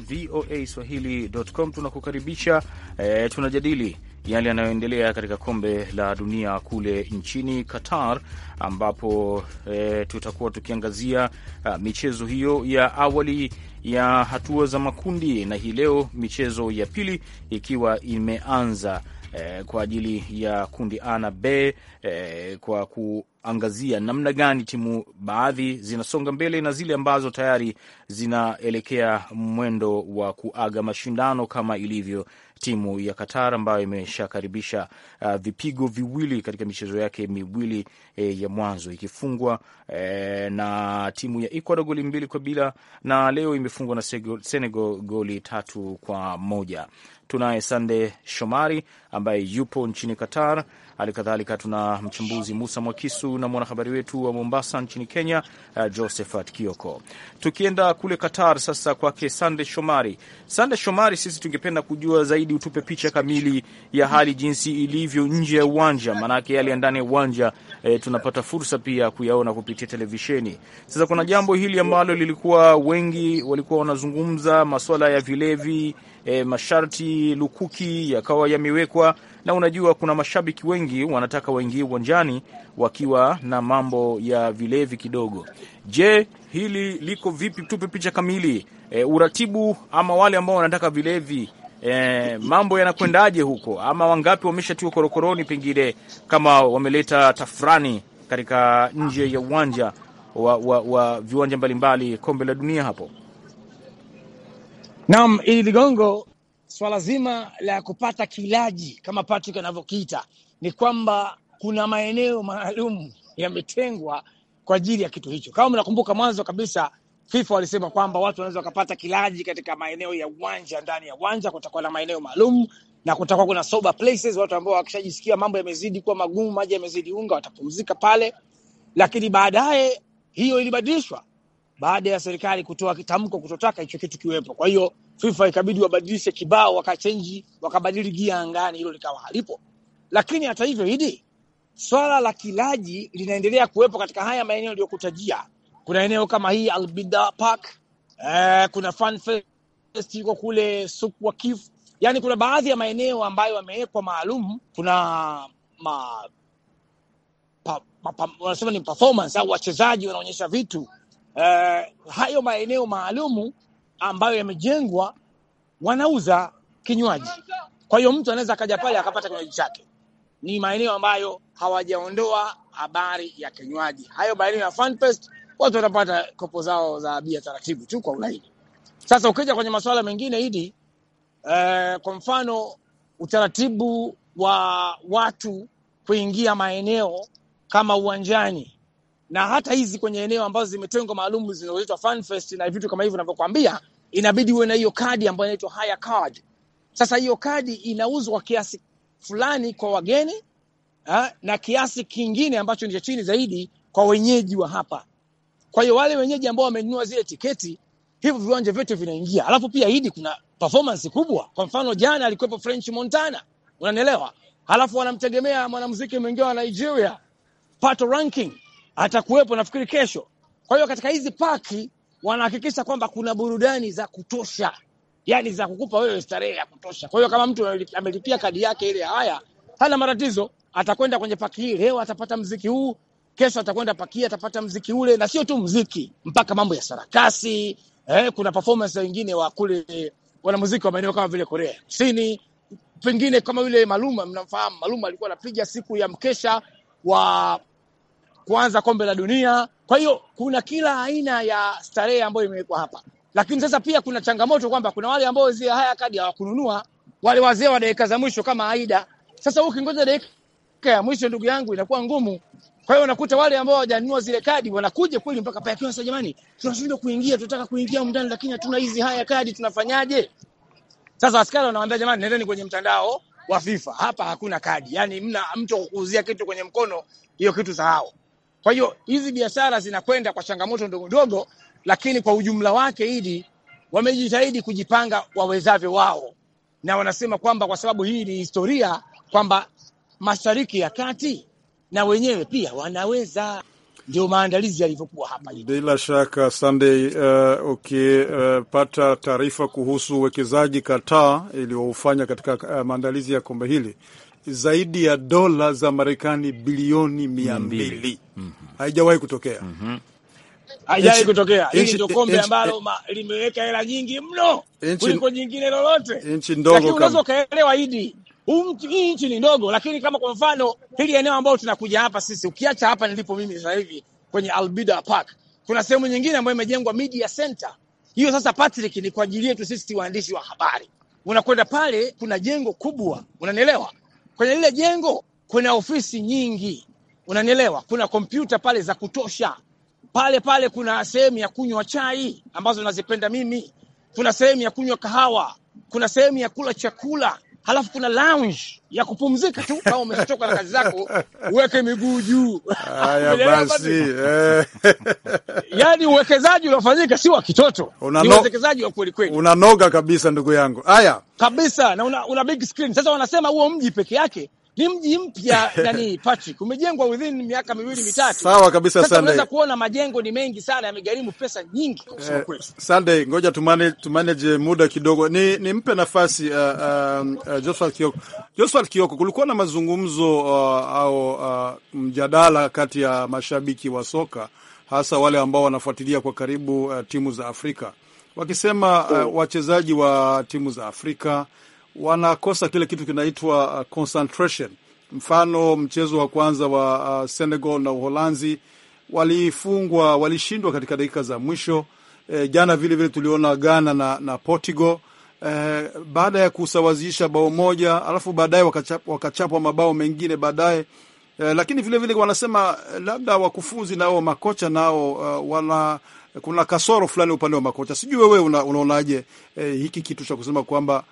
voa swahili.com. Tunakukaribisha e, tunajadili yale yanayoendelea katika kombe la dunia kule nchini Qatar, ambapo e, tutakuwa tukiangazia a, ah, michezo hiyo ya awali ya hatua za makundi, na hii leo michezo ya pili ikiwa imeanza eh, kwa ajili ya kundi A na B eh, kwa ku angazia namna gani timu baadhi zinasonga mbele na zile ambazo tayari zinaelekea mwendo wa kuaga mashindano kama ilivyo timu ya Qatar ambayo imeshakaribisha uh, vipigo viwili katika michezo yake miwili eh, ya mwanzo ikifungwa eh, na timu ya Ecuador goli mbili kwa bila, na leo imefungwa na Senegal goli tatu kwa moja tunaye Sande Shomari ambaye yupo nchini Qatar. Hali kadhalika tuna mchambuzi Musa Mwakisu na mwanahabari wetu wa Mombasa nchini Kenya, uh, Josephat Kioko. Tukienda kule Qatar sasa, kwake Sande Shomari. Sande Shomari, sisi tungependa kujua zaidi, utupe picha kamili ya hali jinsi ilivyo nje ya uwanja, maanake yale ya ndani ya uwanja eh, tunapata fursa pia kuyaona kupitia televisheni. Sasa kuna jambo hili ambalo lilikuwa wengi walikuwa wanazungumza, masuala ya vilevi e, masharti lukuki yakawa yamewekwa, na unajua kuna mashabiki wengi wanataka waingie uwanjani wakiwa na mambo ya vilevi kidogo. Je, hili liko vipi? Tupe picha kamili e, uratibu ama wale ambao wanataka vilevi E, mambo yanakwendaje huko, ama wangapi wameshatiwa korokoroni, pengine kama wameleta tafurani katika nje ya uwanja wa, wa, wa viwanja mbalimbali kombe la dunia hapo? Naam, ili ligongo swala zima la kupata kilaji kama Patrick anavyokiita ni kwamba kuna maeneo maalum yametengwa kwa ajili ya kitu hicho. Kama mnakumbuka mwanzo kabisa, FIFA walisema kwamba watu wanaweza wakapata kilaji katika maeneo ya uwanja. Ndani ya uwanja kutakuwa na maeneo maalum na kutakuwa kuna sober places, watu ambao wakishajisikia mambo yamezidi kuwa magumu, maji yamezidi unga, watapumzika pale. Lakini baadaye hiyo ilibadilishwa baada ya serikali kutoa kitamko kutotaka hicho kitu kiwepo. Kwa hiyo FIFA ikabidi wabadilishe kibao, wakachenji, wakabadili gia angani, hilo likawa halipo. Lakini hata hivyo, hidi swala la kilaji linaendelea kuwepo katika haya maeneo yaliyokutajia. Kuna eneo kama hii Albida Park, eh, kuna FanFest iko kule Sukwakif, yani kuna baadhi ya maeneo ambayo yamewekwa maalum. Kuna ma, pa, pa, pa, wanasema ni performance au wachezaji wanaonyesha vitu eh, hayo maeneo maalumu ambayo yamejengwa wanauza kinywaji. Kwa hiyo mtu anaweza akaja pale akapata kinywaji chake. Ni maeneo ambayo hawajaondoa habari ya kinywaji. Hayo maeneo ya FanFest watu watapata kopo zao za bia taratibu tu kwa ulaini. Sasa ukija kwenye masuala mengine hidi, eh, kwa mfano utaratibu wa watu kuingia maeneo kama uwanjani na hata hizi kwenye eneo ambazo zimetengwa maalum zinazoitwa FanFest na vitu kama hivyo navyokwambia, inabidi uwe na hiyo kadi ambayo inaitwa hire card. Sasa hiyo kadi inauzwa kiasi fulani kwa wageni ha, na kiasi kingine ambacho ni cha chini zaidi kwa wenyeji wa hapa. Kwa hiyo wale wenyeji ambao wamenunua zile tiketi, hivyo viwanja vyote vinaingia. Alafu pia hidi kuna performance kubwa. Kwa mfano jana alikuwepo French Montana, unanielewa? Alafu wanamtegemea mwanamuziki mwingine wa Nigeria Pato Ranking atakuwepo nafikiri kesho. Kwa hiyo katika hizi paki wanahakikisha kwamba kuna burudani za kutosha, yani za kukupa wewe starehe ya kutosha. Kwa hiyo kama mtu amelipia kadi yake ile, haya, hana matatizo, atakwenda kwenye paki hii leo, atapata mziki huu, kesho atakwenda paki hii, atapata mziki ule, na sio tu mziki, mpaka mambo ya sarakasi eh, kuna performance wengine wa kule wanamuziki wa maeneo kama vile Korea Kusini, pengine kama yule Maluma, mnamfahamu Maluma, alikuwa anapiga siku ya mkesha wa kuanza kombe la dunia. Kwa hiyo kuna kila aina ya starehe ambayo imewekwa hapa, lakini sasa pia kuna changamoto kwamba kuna wale ambao zile haya kadi hawakununua, wale wazee wa dakika za mwisho kama Aida. Sasa ukingoja dakika ya mwisho, ndugu yangu, inakuwa ngumu. Kwa hiyo unakuta wale ambao hawajanunua zile kadi wanakuja kweli mpaka pale, akiwa sasa, jamani, tunashindwa kuingia, tunataka kuingia ndani, lakini hatuna hizi haya kadi, tunafanyaje? Sasa askari wanawaambia, jamani, nendeni kwenye mtandao wa FIFA, hapa hakuna kadi, Yani mna mtu kukuuzia kitu kwenye mkono, hiyo kitu sahau. Kwa hiyo hizi biashara zinakwenda kwa changamoto ndogo ndogo, lakini kwa ujumla wake idi wamejitahidi kujipanga wawezavyo wao, na wanasema kwamba kwa sababu hii ni historia kwamba Mashariki ya Kati na wenyewe pia wanaweza. Ndio maandalizi yalivyokuwa hapa. Bila shaka Sunday, uh, ukipata uh, okay, uh, taarifa kuhusu uwekezaji Kataa iliyoufanya katika uh, maandalizi ya kombe hili zaidi ya dola za Marekani bilioni mia mbili. Mhm. haijawahi kutokea haijawai mhm. Haijawahi kutokea. Hili ndio kombe ambalo limeweka hela nyingi mno kuliko nyingine lolote, nchi ndogo. Lakini unaweza ukaelewa hidi hii nchi ni ndogo, lakini kama kwa mfano hili eneo ambayo tunakuja hapa sisi, ukiacha hapa nilipo mimi sasa hivi kwenye Albida Park, kuna sehemu nyingine ambayo imejengwa media center. Hiyo sasa, Patrick, ni kwa ajili yetu sisi waandishi wa habari. Unakwenda pale, kuna jengo kubwa, unanielewa Kwenye lile jengo kuna ofisi nyingi, unanielewa? Kuna kompyuta pale za kutosha. Pale pale kuna sehemu ya kunywa chai ambazo nazipenda mimi, kuna sehemu ya kunywa kahawa, kuna sehemu ya kula chakula halafu kuna lounge ya kupumzika tu, kama umeshachoka na kazi zako, uweke miguu juu. Haya basi, eh. yaani uwekezaji unaofanyika si wa kitoto, ni uwekezaji wa kweli kweli, unanoga kabisa ndugu yangu. Haya kabisa, na una, una big screen. Sasa wanasema huo mji peke yake ni mji mpya nani Patrick, umejengwa within miaka miwili mitatu. Sawa kabisa unaweza kuona majengo ni mengi sana, yamegharimu pesa nyingi eh, Sunday, ngoja tumane, tumanage muda kidogo, ni nimpe nafasi uh, um, uh, Joshua Kioko. Joshua Kioko, kulikuwa na mazungumzo uh, au uh, mjadala kati ya mashabiki wa soka hasa wale ambao wanafuatilia kwa karibu uh, timu za Afrika wakisema uh, oh. wachezaji wa timu za Afrika wanakosa kile kitu kinaitwa uh, concentration. Mfano, mchezo wa kwanza wa uh, Senegal na Uholanzi walifungwa, walishindwa katika dakika za mwisho. E, jana vile vile tuliona Ghana na, na Portugal e, baada ya kusawazisha bao moja alafu baadaye wakachapwa wakachapwa mabao mengine baadaye e, lakini vile vile wanasema labda wakufunzi nao makocha nao uh, wana kuna kasoro fulani upande wa makocha. Sijui wewe unaonaje una e, hiki kitu cha kusema kwamba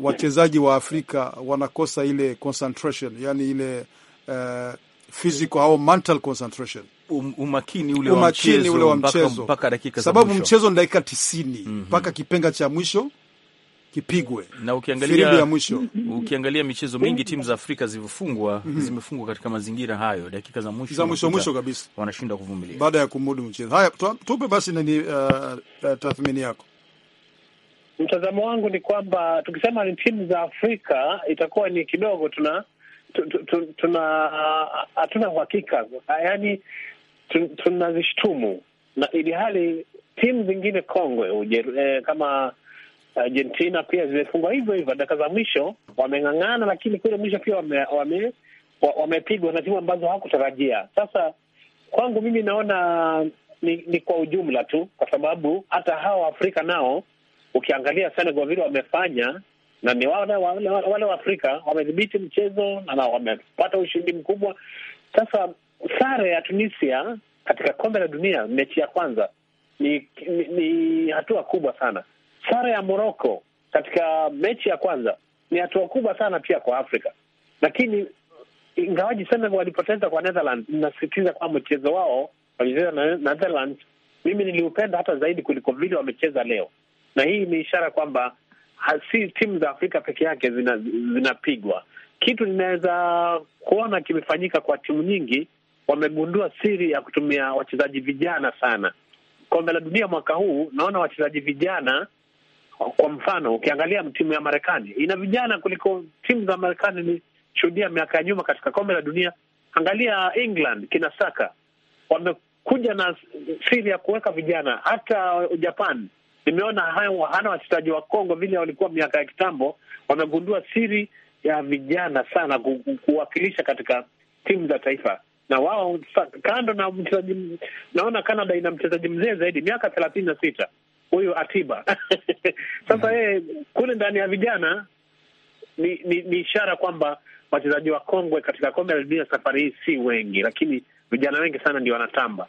wachezaji wa Afrika wanakosa ile concentration, yani ile uh, physical au mental concentration Um, umakini ule wa mchezo, ule wa mchezo. Mpaka, mpaka dakika sababu mchezo ni dakika tisini mhm. mpaka mm -hmm. kipenga cha mwisho kipigwe na ukiangalia ya mwisho, ukiangalia michezo mingi timu za Afrika zilifungwa mm -hmm. zimefungwa katika mazingira hayo, dakika za mwisho za mwisho mwisho kabisa wanashindwa kuvumilia baada ya kumudu mchezo. Haya, tupe basi nani, uh, tathmini yako mtazamo wangu ni kwamba tukisema ni timu za Afrika itakuwa ni kidogo tuna tuna hatuna uhakika, yaani tunazishtumu na ili hali timu zingine kongwe eh, kama Argentina pia zimefungwa hivyo hivyo dakika za mwisho, wameng'ang'ana lakini kule mwisho pia wamepigwa wame, wame na timu ambazo hawakutarajia. Sasa kwangu mimi naona ni, ni kwa ujumla tu, kwa sababu hata hawa Afrika nao ukiangalia kwa vile wamefanya na ni wale wale wa Waafrika wamedhibiti mchezo na wamepata ushindi mkubwa. Sasa sare ya Tunisia katika kombe la dunia mechi ya kwanza ni, ni, ni hatua kubwa sana. Sare ya Moroko katika mechi ya kwanza ni hatua kubwa sana pia kwa Afrika, lakini ingawaji Senegal walipoteza kwa Netherlands, inasisitiza kwamba mchezo wao walicheza na Netherlands, mimi niliupenda hata zaidi kuliko vile wamecheza leo na hii ni ishara kwamba si timu za Afrika peke yake zinapigwa. Zina kitu linaweza kuona kimefanyika kwa timu nyingi, wamegundua siri ya kutumia wachezaji vijana sana. Kombe la dunia mwaka huu naona wachezaji vijana kwa mfano ukiangalia timu ya Marekani ina vijana kuliko timu za Marekani ilishuhudia miaka ya nyuma katika kombe la dunia. Angalia England kina Saka wamekuja na siri ya kuweka vijana, hata Japan nimeona hana wachezaji wa Kongo vile walikuwa miaka ya kitambo, wamegundua siri ya vijana sana kuwakilisha katika timu za taifa na wao kando na mchezaji, naona Canada ina mchezaji mzee zaidi miaka thelathini na sita huyu Atiba. Sasa mm. yeye kule ndani ya vijana ni, ni, ni ishara kwamba wachezaji wa kongwe katika kombe la dunia safari hii si wengi, lakini vijana wengi sana ndio wanatamba.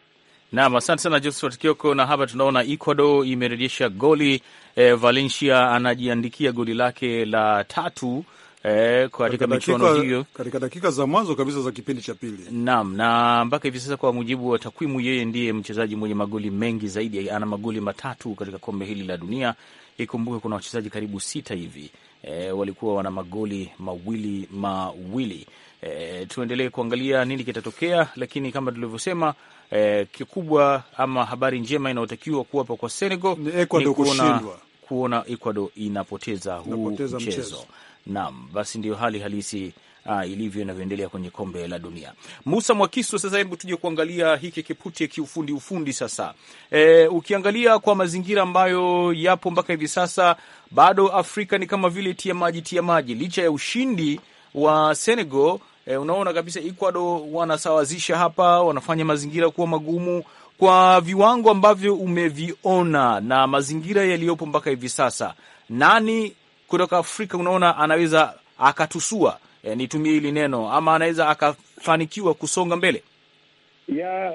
Nam, asante sana Josephat Kioko. Na hapa tunaona Ecuador imerejesha goli e, Valencia anajiandikia goli lake la tatu e, katika michuano hiyo katika dakika za mwanzo kabisa za kipindi cha pili. Naam, na mpaka hivi sasa kwa mujibu wa takwimu, yeye ndiye mchezaji mwenye magoli mengi zaidi, ana magoli matatu katika kombe hili la dunia. Ikumbuke kuna wachezaji karibu sita hivi e, walikuwa wana magoli mawili mawili. E, tuendelee kuangalia nini kitatokea, lakini kama tulivyosema eh, kikubwa ama habari njema inayotakiwa kuwapa kwa Senegal ni kuona, kuona Ecuador inapoteza huu mchezo, mchezo. Naam, basi ndiyo hali halisi Ah, ilivyo inavyoendelea kwenye kombe la dunia. Musa Mwakiso, sasa hebu tuje kuangalia hiki kipute kiufundi ufundi sasa. E, ukiangalia kwa mazingira ambayo yapo mpaka hivi sasa, bado Afrika ni kama vile tia maji tia maji, licha ya ushindi wa Senegal E, unaona kabisa Ecuador wanasawazisha hapa, wanafanya mazingira kuwa magumu kwa viwango ambavyo umeviona na mazingira yaliyopo mpaka hivi sasa. Nani kutoka Afrika unaona anaweza akatusua, e, nitumie hili neno ama anaweza akafanikiwa kusonga mbele? ya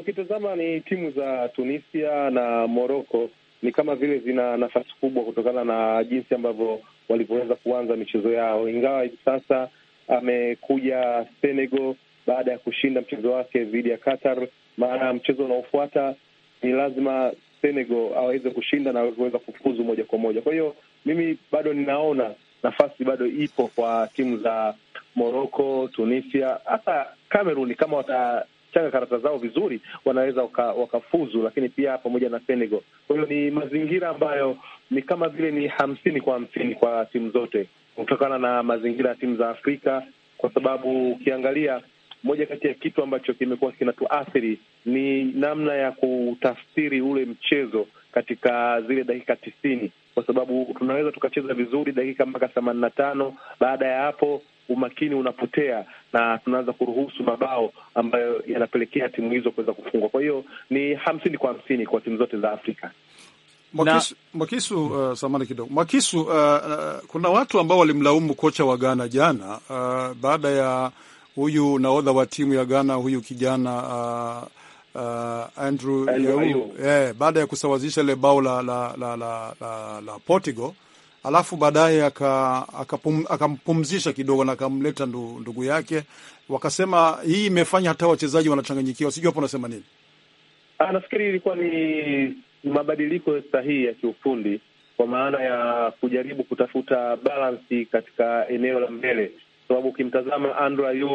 ukitazama ni timu za Tunisia na Morocco ni kama vile zina nafasi kubwa kutokana na jinsi ambavyo walivyoweza kuanza michezo yao, ingawa hivi sasa amekuja Senegal baada ya kushinda mchezo wake dhidi ya Qatar. Maana mchezo unaofuata ni lazima Senegal aweze kushinda na kuweza kufuzu moja kwa moja. Kwa hiyo mimi bado ninaona nafasi bado ipo kwa timu za Morocco, Tunisia, hata Cameroon kama watachanga karata zao vizuri, wanaweza wakafuzu waka, lakini pia pamoja na Senegal. Kwa hiyo ni mazingira ambayo ni kama vile ni hamsini kwa hamsini kwa timu zote kutokana na mazingira ya timu za Afrika, kwa sababu ukiangalia moja kati ya kitu ambacho kimekuwa kinatuathiri ni namna ya kutafsiri ule mchezo katika zile dakika tisini, kwa sababu tunaweza tukacheza vizuri dakika mpaka themanini na tano. Baada ya hapo umakini unapotea na tunaanza kuruhusu mabao ambayo yanapelekea timu hizo kuweza kufungwa. Kwa hiyo ni hamsini kwa hamsini kwa timu zote za Afrika. Mwakisu, Mwakisu uh, samani kidogo Mwakisu uh, uh, kuna watu ambao walimlaumu kocha wa Ghana jana uh, baada ya huyu naodha wa timu ya Ghana huyu kijana uh, uh, Andrew yeah, baada ya kusawazisha ile bao la, la, la, la, la, la Portugal alafu baadaye akampumzisha pum, kidogo na akamleta ndu, ndugu yake. Wakasema hii imefanya hata wachezaji wanachanganyikiwa, sijui hapo unasema nini? Ah, nafikiri ilikuwa ni ni mabadiliko sahihi ya kiufundi kwa maana ya kujaribu kutafuta balansi katika eneo la mbele, kwa sababu ukimtazama Andre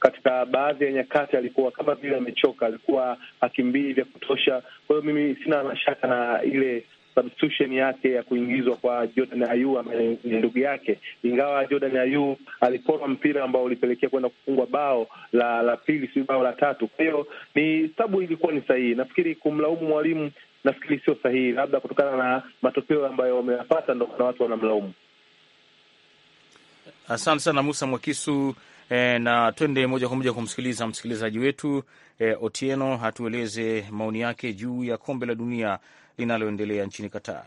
katika baadhi ya nyakati alikuwa kama vile amechoka, alikuwa akimbii vya kutosha. Kwa hiyo mimi sina mashaka na ile substitution yake ya kuingizwa kwa Jordan Ayu ambaye ni ndugu yake, ingawa Jordan Ayu aliporwa mpira ambao ulipelekea kwenda kufungwa bao la la pili, si bao la tatu. Kwa hiyo ni sabu ilikuwa ni sahihi. Nafikiri kumlaumu mwalimu, nafikiri sio sahihi, labda kutokana na matokeo ambayo wameyapata, ndo kuna watu wanamlaumu. Asante sana Musa Mwakisu. E, na twende moja kwa moja kumsikiliza msikilizaji wetu e, Otieno atueleze maoni yake juu ya kombe la dunia linaloendelea nchini Qatar?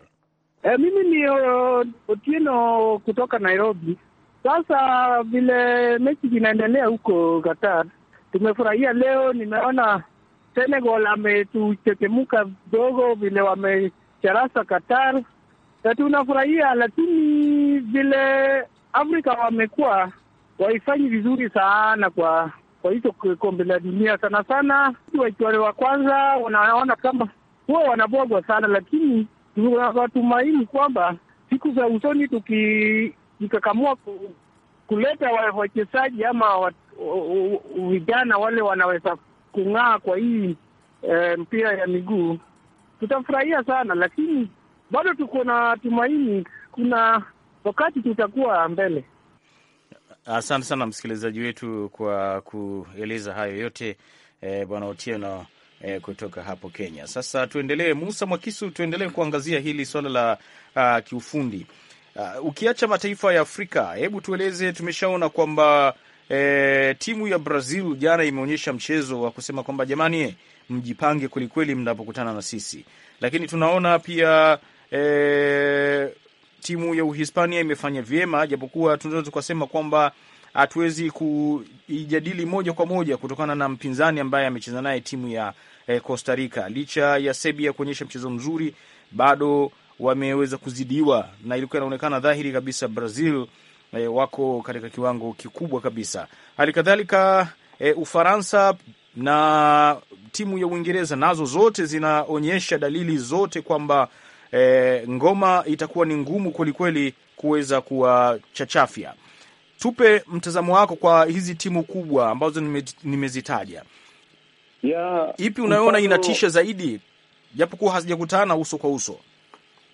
E, mimi ni uh, Otieno kutoka Nairobi. Sasa vile mechi zinaendelea huko Qatar, tumefurahia leo. Nimeona Senegal ametuchekemuka kidogo, vile wamecharasa Qatar na tunafurahia, lakini vile Afrika wamekuwa waifanyi vizuri sana kwa kwa hizo kombe la dunia, sana sana wakiwale wa kwanza wanaona kama huwa wanabogwa sana, lakini tunatumaini kwamba siku za usoni tukikakamua kuleta wachezaji ama vijana wale wanaweza kung'aa kwa hii e, mpira ya miguu tutafurahia sana, lakini bado tuko na tumaini, kuna wakati tutakuwa mbele. Asante sana msikilizaji wetu kwa kueleza hayo yote, e, Bwana Otieno eh, kutoka hapo Kenya. Sasa tuendelee, Musa Mwakisu, tuendelee kuangazia hili swala la uh, kiufundi uh, ukiacha mataifa ya Afrika, hebu tueleze, tumeshaona kwamba E, timu ya Brazil jana imeonyesha mchezo wa kusema kwamba jamani, mjipange kwelikweli mnapokutana na sisi, lakini tunaona pia e, timu ya Uhispania imefanya vyema, japokuwa tunaweza tukasema kwamba hatuwezi kuijadili moja kwa moja kutokana na mpinzani ambaye amecheza naye timu ya eh, Costa Rica. Licha ya Serbia kuonyesha mchezo mzuri, bado wameweza kuzidiwa na ilikuwa inaonekana dhahiri kabisa Brazil eh, wako katika kiwango kikubwa kabisa. Hali kadhalika eh, Ufaransa na timu ya Uingereza nazo zote zinaonyesha dalili zote kwamba eh, ngoma itakuwa ni ngumu kwelikweli kuweza kuwachachafya. Tupe mtazamo wako kwa hizi timu kubwa ambazo nimezitaja, nime ya ipi unayoona inatisha zaidi, japokuwa hazijakutana uso kwa uso?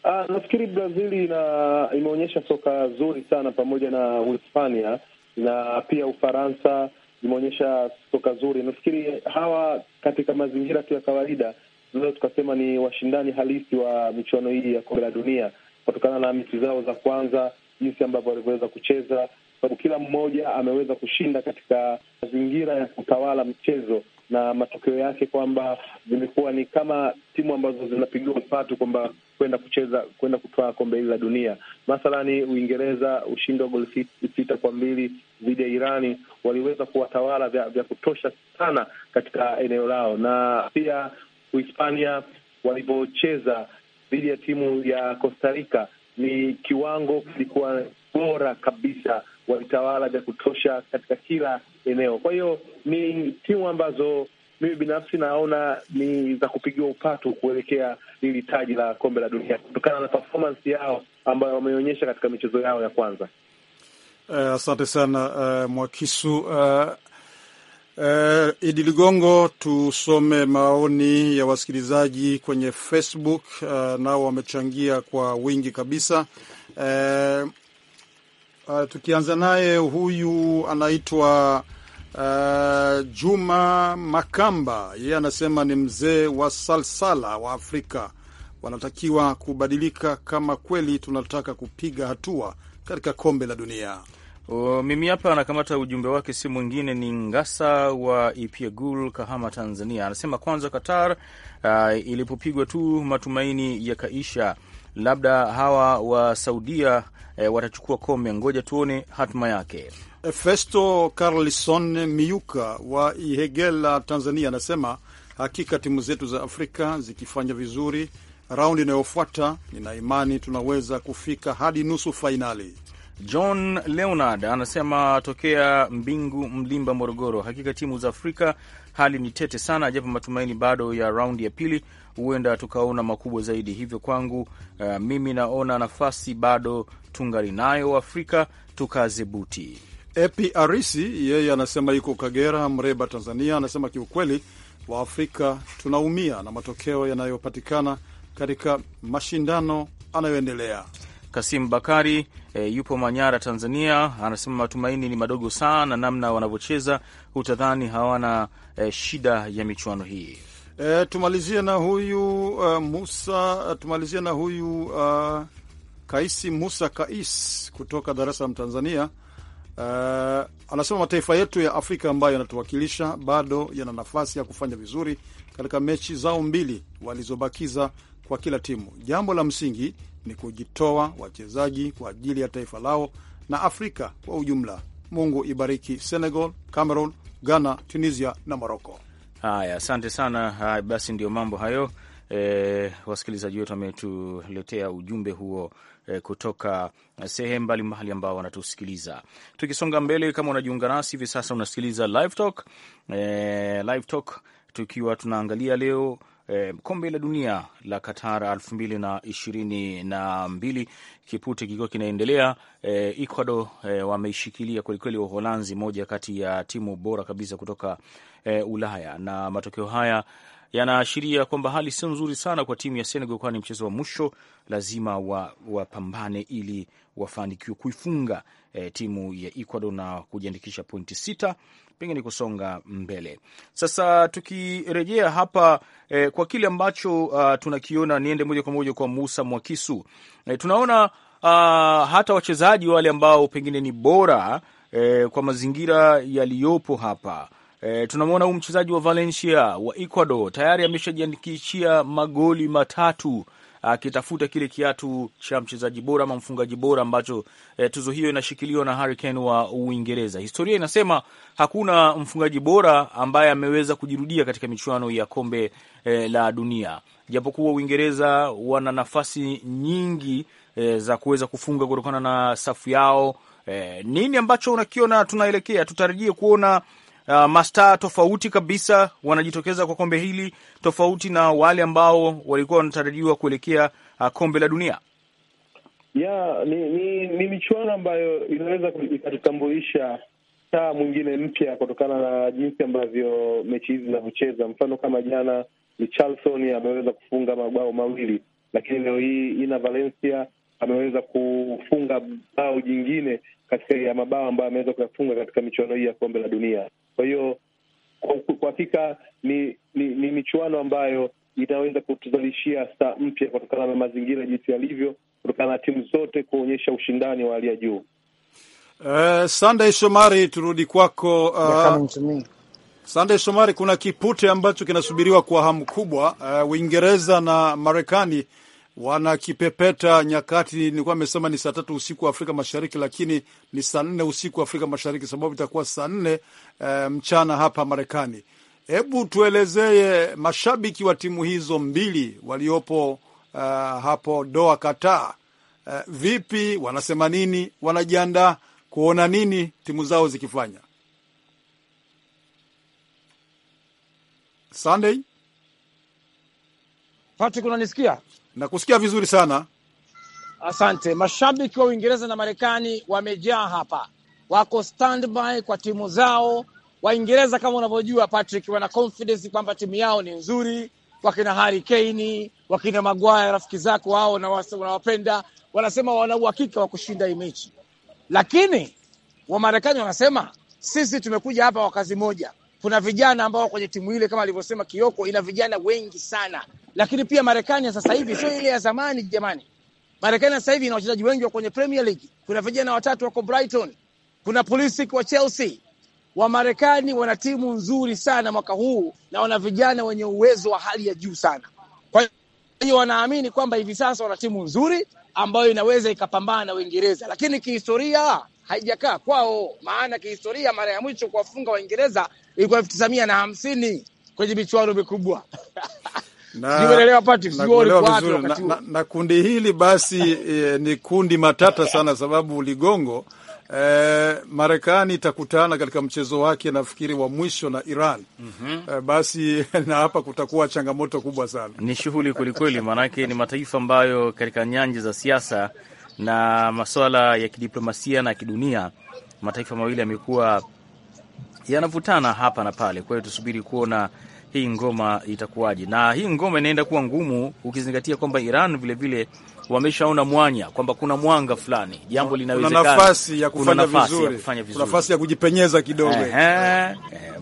Ah, nafikiri Brazil ina imeonyesha soka zuri sana pamoja na Uhispania na pia Ufaransa imeonyesha soka zuri. Nafikiri hawa katika mazingira tu ya kawaida tunaweza tukasema ni washindani halisi wa michuano hii ya kombe la dunia kutokana na mechi zao za kwanza, jinsi ambavyo walivyoweza kucheza, sababu kila mmoja ameweza kushinda katika mazingira ya kutawala mchezo na matokeo yake kwamba zimekuwa ni kama timu ambazo zinapigiwa mpatu kwamba kwenda kucheza kwenda kutoa kombe hili la dunia. Mathalani Uingereza, ushindi wa goli sita kwa mbili dhidi ya Irani, waliweza kuwatawala vya, vya kutosha sana katika eneo lao, na pia Uhispania walivyocheza dhidi ya timu ya Costa Rica ni kiwango kilikuwa bora kabisa walitawala vya kutosha katika kila eneo. Kwa hiyo ni timu ambazo mimi binafsi naona ni za kupigiwa upatu kuelekea lili taji la kombe la dunia kutokana na performance yao ambayo wameonyesha katika michezo yao ya kwanza. Eh, asante sana uh, Mwakisu uh, uh, Idi Ligongo. Tusome maoni ya wasikilizaji kwenye Facebook uh, nao wamechangia kwa wingi kabisa uh, Uh, tukianza naye huyu anaitwa uh, Juma Makamba. Yeye anasema ni mzee wa salsala wa Afrika, wanatakiwa kubadilika kama kweli tunataka kupiga hatua katika kombe la dunia. O, mimi hapa anakamata ujumbe wake, si mwingine ni Ngasa wa ipiegul Kahama, Tanzania. Anasema kwanza Qatar uh, ilipopigwa tu matumaini yakaisha labda hawa wa Saudia e, watachukua kombe. Ngoja tuone hatima yake. Festo Carlison Miuka wa Ihegela, Tanzania, anasema hakika timu zetu za Afrika zikifanya vizuri raundi inayofuata, nina imani tunaweza kufika hadi nusu fainali. John Leonard anasema tokea Mbingu Mlimba, Morogoro, hakika timu za Afrika hali ni tete sana, japo matumaini bado ya raundi ya pili huenda tukaona makubwa zaidi. Hivyo kwangu uh, mimi naona nafasi bado tungali nayo Afrika, tukaze buti. Epi Arisi yeye anasema yuko Kagera, Mreba, Tanzania, anasema kiukweli Waafrika tunaumia na matokeo yanayopatikana katika mashindano anayoendelea. Kasim Bakari e, yupo Manyara, Tanzania, anasema matumaini ni madogo sana, namna wanavyocheza hutadhani hawana e, shida ya michuano hii. E, tumalizie na huyu uh, Musa, eh, tumalizie na huyu uh, Kaisi Musa Kais kutoka Dar es Salaam, Tanzania. Uh, anasema mataifa yetu ya Afrika ambayo yanatuwakilisha bado yana nafasi ya kufanya vizuri katika mechi zao mbili walizobakiza kwa kila timu. Jambo la msingi ni kujitoa wachezaji kwa ajili ya taifa lao na Afrika kwa ujumla. Mungu ibariki Senegal, Cameroon, Ghana, Tunisia na Morocco. Haya, asante sana. Haya, basi ndio mambo hayo. E, wasikilizaji wetu wametuletea ujumbe huo e, kutoka sehemu mbalimbali ambao wanatusikiliza. Tukisonga mbele, kama unajiunga nasi hivi sasa unasikiliza Live Talk, e, Live Talk tukiwa tunaangalia leo eh, kombe la dunia la Qatar elfu mbili na ishirini na mbili kipute kikiwa kinaendelea. Eh, Ecuador eh, wameishikilia kwelikweli Uholanzi, moja kati ya timu bora kabisa kutoka eh, Ulaya na matokeo haya yanaashiria kwamba hali sio nzuri sana kwa timu ya Senegal, kwani mchezo wa mwisho lazima wapambane wa ili wafanikiwe kuifunga eh, timu ya Ecuador na kujiandikisha pointi sita pengine kusonga mbele. Sasa tukirejea hapa eh, kwa kile ambacho uh, tunakiona, niende moja kwa moja kwa Musa Mwakisu. Eh, tunaona uh, hata wachezaji wale ambao pengine ni bora eh, kwa mazingira yaliyopo hapa E, tunamwona huu mchezaji wa Valencia wa Ecuador tayari ameshajiandikishia magoli matatu akitafuta kile kiatu cha mchezaji bora ama mfungaji bora ambacho e, tuzo hiyo inashikiliwa na Harry Kane wa Uingereza. Historia inasema hakuna mfungaji bora ambaye ameweza kujirudia katika michuano ya kombe e, la dunia, japokuwa Uingereza wana nafasi nyingi e, za kuweza kufunga kutokana na safu yao. E, nini ambacho unakiona tunaelekea, tutarajie kuona uh, mastaa tofauti kabisa wanajitokeza kwa kombe hili tofauti na wale ambao walikuwa wanatarajiwa kuelekea uh, kombe la dunia. Yeah, ni, ni, ni michuano ambayo inaweza ikatutambulisha taa mwingine mpya kutokana na jinsi ambavyo mechi hizi zinavyocheza. Mfano kama jana ni ameweza kufunga mabao mawili, lakini leo hii ina Valencia ameweza kufunga bao jingine katika ya mabao ambayo ameweza kuyafunga katika michuano hii ya kombe la dunia. Kwa hiyo kwa hakika ni, ni, ni michuano ambayo inaweza kutuzalishia saa mpya kutokana na mazingira jinsi yalivyo, kutokana na timu zote kuonyesha ushindani wa hali ya juu. Uh, Sunday Shomari, turudi kwako. Uh, Sunday Shomari, kuna kipute ambacho kinasubiriwa kwa hamu kubwa uh, Uingereza na Marekani wanakipepeta nyakati. Nilikuwa amesema ni saa tatu usiku wa Afrika Mashariki, lakini ni saa nne usiku wa Afrika Mashariki, sababu itakuwa saa nne e, mchana hapa Marekani. Hebu tuelezee mashabiki wa timu hizo mbili waliopo uh, hapo Doha, Qatar, uh, vipi, wanasema nini, wanajiandaa kuona nini timu zao zikifanya Sunday. Patrick, unanisikia? Nakusikia vizuri sana, asante. Mashabiki wa Uingereza na Marekani wamejaa hapa, wako standby kwa timu zao. Waingereza kama unavyojua Patrick, wana confidence kwamba timu yao ni nzuri, wakina Harry Kane, wakina Maguire, rafiki zako wao na wanawapenda, wanasema wana uhakika wa kushinda hii mechi, lakini Wamarekani wanasema sisi tumekuja hapa kwa kazi moja, kuna vijana ambao kwenye timu ile kama alivyosema Kioko ina vijana wengi sana, lakini pia Marekani ya sasa hivi sio ile ya zamani jamani. Marekani sasa hivi ina wachezaji wengi wa kwenye Premier League. Kuna vijana watatu wako Brighton, kuna Pulisic wa Chelsea. Wamarekani wana timu nzuri sana mwaka huu na wana vijana wenye uwezo wa hali ya juu sana. Kwa hiyo wanaamini kwamba hivi sasa wana timu nzuri ambayo inaweza ikapambana na Uingereza, lakini kihistoria haijakaa kwao, maana kihistoria mara ya mwisho kuwafunga Waingereza ilikuwa elfu tisa mia na hamsini kwenye michuano mikubwa. Na, na, na, na kundi hili basi e, ni kundi matata sana sababu ligongo e, Marekani itakutana katika mchezo wake nafikiri wa mwisho na Iran mm -hmm. E, basi na hapa kutakuwa changamoto kubwa sana, ni shughuli kwelikweli, maanake ni mataifa ambayo katika nyanja za siasa na masuala ya kidiplomasia na kidunia, mataifa mawili yamekuwa yanavutana hapa na pale. Kwa hiyo tusubiri kuona hii ngoma itakuwaje, na hii ngoma inaenda kuwa ngumu ukizingatia kwamba Iran vilevile wameshaona mwanya kwamba kuna mwanga fulani, jambo linawezekana, kuna nafasi ya kufanya vizuri, kuna nafasi ya kujipenyeza kidogo. Ehe, eh,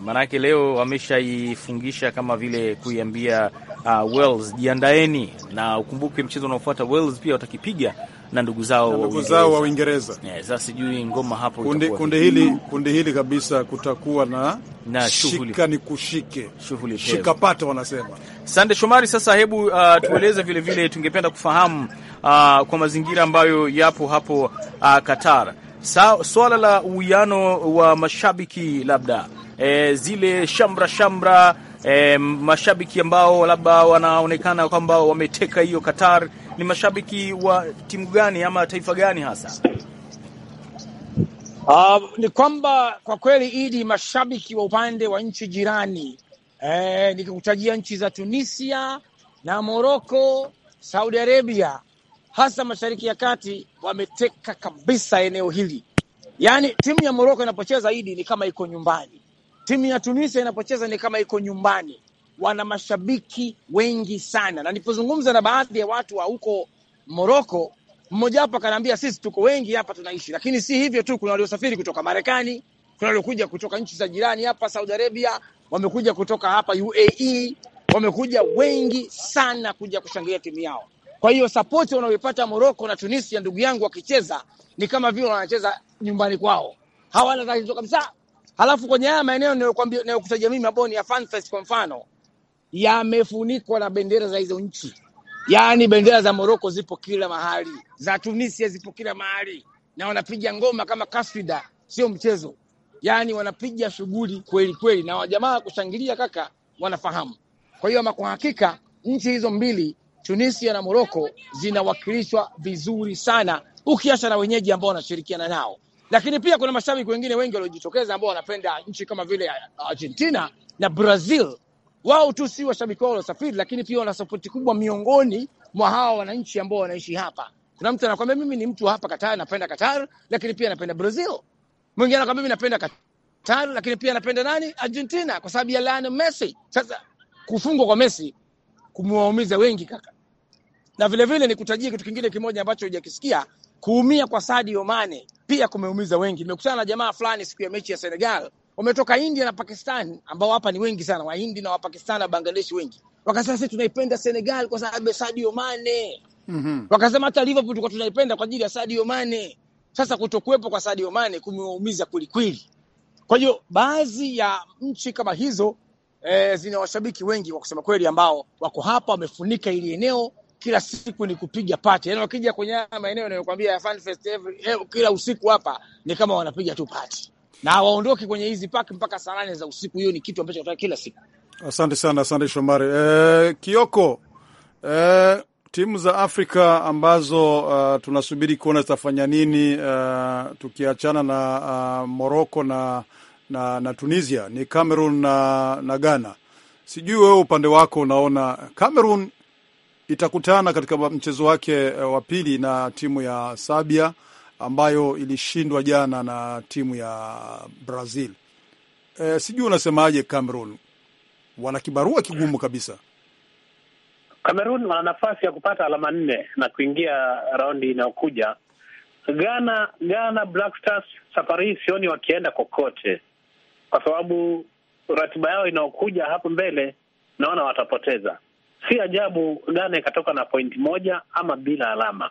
maanake leo wameshaifungisha kama vile kuiambia uh, Wales jiandaeni, na ukumbuke mchezo unaofuata Wales pia watakipiga na ndugu zao ndugu zao wa Uingereza. Eh, sasa sijui ngoma hapo kundi, kundi hili kundi hili kabisa kutakuwa na, na shika ni kushike shikapata wanasema. Sande Shomari, sasa hebu uh, tueleze vile vile tungependa kufahamu uh, kwa mazingira ambayo yapo hapo uh, Qatar Sa, swala la uwiano wa mashabiki labda e, zile shamra shamra e, mashabiki ambao labda wanaonekana kwamba wameteka hiyo Qatar ni mashabiki wa timu gani ama taifa gani hasa? Uh, ni kwamba kwa kweli idi mashabiki wa upande wa nchi jirani eh, nikikutajia nchi za Tunisia na Moroko, Saudi Arabia, hasa mashariki ya kati wameteka kabisa eneo hili. Yaani timu ya Moroko inapocheza idi ni kama iko nyumbani Timu ya Tunisia inapocheza ni kama iko nyumbani, wana mashabiki wengi sana, na nilipozungumza na baadhi ya watu wa huko Moroko, mmoja wapo akanaambia sisi tuko wengi hapa tunaishi, lakini si hivyo tu, kuna waliosafiri kutoka Marekani, kuna waliokuja kutoka nchi za jirani hapa Saudi Arabia, wamekuja kutoka hapa UAE, wamekuja wengi sana kuja kushangilia timu yao. Kwa hiyo sapoti wanaoipata Moroko na Tunisia, ndugu yangu, wakicheza ni kama vile wanacheza nyumbani kwao, hawana tatizo kabisa Halafu kwenye haya maeneo ninayokuambia mimi ambayo ni ya Fan Fest kwa mfano, yamefunikwa na bendera za hizo nchi, yaani bendera za Moroko zipo kila mahali, za Tunisia zipo kila mahali, na wanapiga ngoma kama kasida, sio mchezo. Yaani wanapiga shughuli kweli kweli, na wajamaa kushangilia, kaka, wanafahamu. Kwa hiyo ama kwa hakika nchi hizo mbili Tunisia na Moroko zinawakilishwa vizuri sana, ukiacha na wenyeji ambao wanashirikiana nao lakini pia kuna mashabiki wengine wengi waliojitokeza ambao wanapenda nchi kama vile Argentina na Brazil. Wao tu si washabiki wao waliosafiri, lakini pia wana sapoti kubwa miongoni mwa hawa wananchi ambao wanaishi hapa. Kuna mtu anakwambia mimi ni mtu hapa Qatar, napenda Qatar, lakini pia napenda Brazil. Mwingine anakwambia mimi napenda Qatar, lakini pia napenda nani? Argentina kwa sababu ya Lionel Messi. Sasa kufungwa kwa Messi kumewaumiza wengi kaka, na vilevile nikutajie kitu kingine kimoja ambacho hujakisikia Kuumia kwa Sadio Mane pia kumeumiza wengi. Nimekutana na jamaa fulani siku ya mechi ya Senegal, wametoka India na Pakistan, ambao hapa ni wengi sana, Wahindi na Wapakistan na Bangladesh wengi, wakasema sisi tunaipenda Senegal kwa sababu ya Sadio Mane. mm -hmm. Wakasema hata Liverpool tulikuwa tunaipenda kwa ajili ya Sadio Mane. Sasa kutokuwepo kwa Sadio Mane kumeumiza kwelikweli. Kwa hiyo baadhi ya nchi kama hizo e, zina washabiki wengi kwa kusema kweli, ambao wako hapa wamefunika ili eneo kila siku ni kupiga pati. Yani wakija kwenye haya maeneo yanayokwambia ya FanFest every eh, kila usiku hapa ni kama wanapiga tu pati na hawaondoki kwenye hizi paki mpaka saa nane za usiku. Hiyo ni kitu ambacho nataka kila siku. Asante sana, asante Shomari. Eh, Kioko, eh, timu za Afrika ambazo uh, tunasubiri kuona zitafanya nini uh, tukiachana na uh, Moroko na, na, na Tunisia ni Cameroon na, na Ghana. Sijui wewe upande wako unaona Cameroon itakutana katika mchezo wake eh, wa pili na timu ya sabia ambayo ilishindwa jana na timu ya Brazil. E, sijui unasemaje, Cameroon wana kibarua kigumu kabisa. Cameroon wana nafasi ya kupata alama nne na kuingia raundi inayokuja. Ghana, Ghana Black Stars safari hii sioni wakienda kokote, kwa sababu ratiba yao inayokuja hapo mbele naona watapoteza si ajabu Ghana ikatoka na pointi moja ama bila alama,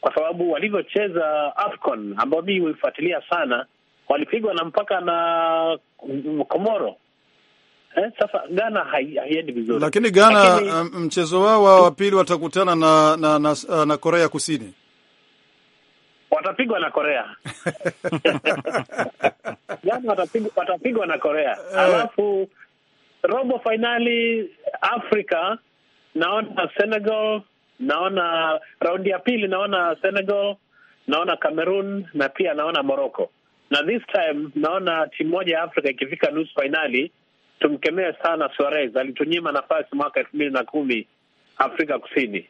kwa sababu walivyocheza AFCON ambao mii huifuatilia sana, walipigwa na mpaka na Komoro. Eh, sasa Ghana haiendi vizuri, lakini Ghana lakini... Um, mchezo wao wa pili watakutana na na, na uh, na Korea Kusini, watapigwa na Korea Ghana watapigwa, watapigwa na Korea eh. alafu robo fainali Afrika naona Senegal, naona raundi ya pili, naona Senegal, naona Cameroon na pia naona Morocco. Na this time naona timu moja ya Afrika ikifika nusu fainali. Tumkemee sana Suarez, alitunyima nafasi mwaka elfu mbili na kumi Afrika Kusini.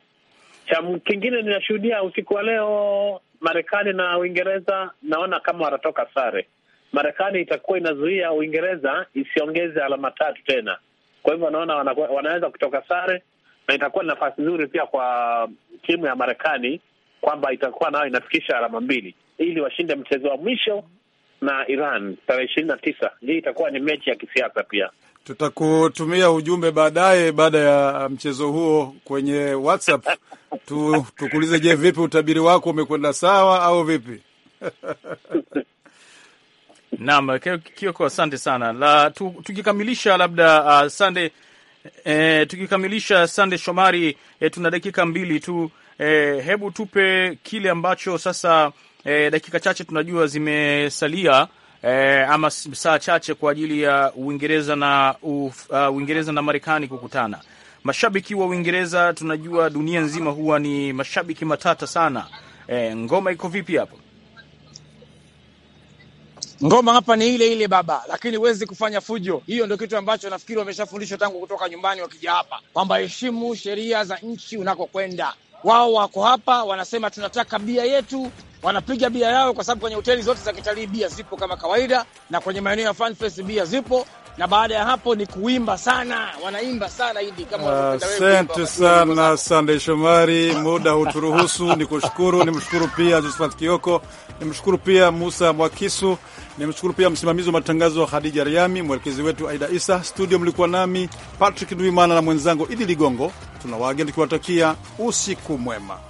Cha kingine ninashuhudia usiku wa leo, Marekani na Uingereza naona kama watatoka sare. Marekani itakuwa inazuia Uingereza isiongeze alama tatu tena, kwa hivyo naona wanaweza kutoka sare na itakuwa ni nafasi nzuri pia kwa timu ya Marekani kwamba itakuwa nayo inafikisha alama mbili ili washinde mchezo wa mwisho na Iran tarehe ishirini na tisa. Hii itakuwa ni mechi ya kisiasa pia. Tutakutumia ujumbe baadaye baada ya mchezo huo kwenye WhatsApp tu, tukulize, je, vipi utabiri wako umekwenda sawa au vipi? Naam, Kioko, asante sana la, tukikamilisha labda uh, Sunday E, tukikamilisha Sande Shomari, e, tuna dakika mbili tu. E, hebu tupe kile ambacho sasa, e, dakika chache tunajua zimesalia, e, ama saa chache kwa ajili ya Uingereza na uf, uh, Uingereza na Marekani kukutana. Mashabiki wa Uingereza tunajua dunia nzima huwa ni mashabiki matata sana. E, ngoma iko vipi hapo? Ngoma hapa ni ile ile baba, lakini huwezi kufanya fujo. Hiyo ndio kitu ambacho nafikiri wameshafundishwa tangu kutoka nyumbani wakija hapa, kwamba heshimu sheria za nchi unakokwenda. Wao wako hapa wanasema tunataka bia yetu, wanapiga bia yao, kwa sababu kwenye hoteli zote za kitalii bia zipo kama kawaida, na kwenye maeneo ya fanfest bia zipo na baada ya hapo ni kuimba sana, wanaimba sana Idi, kama asante sana Sandey Shomari, muda huturuhusu. Ni kushukuru, nimshukuru pia Josephat Kioko, nimshukuru pia Musa Mwakisu. Nimshukuru pia msimamizi wa matangazo Khadija Riami, mwelekezi wetu Aida Isa. Studio mlikuwa nami Patrick Ndwimana na mwenzangu Idi Ligongo. Tuna wageni tukiwatakia usiku mwema.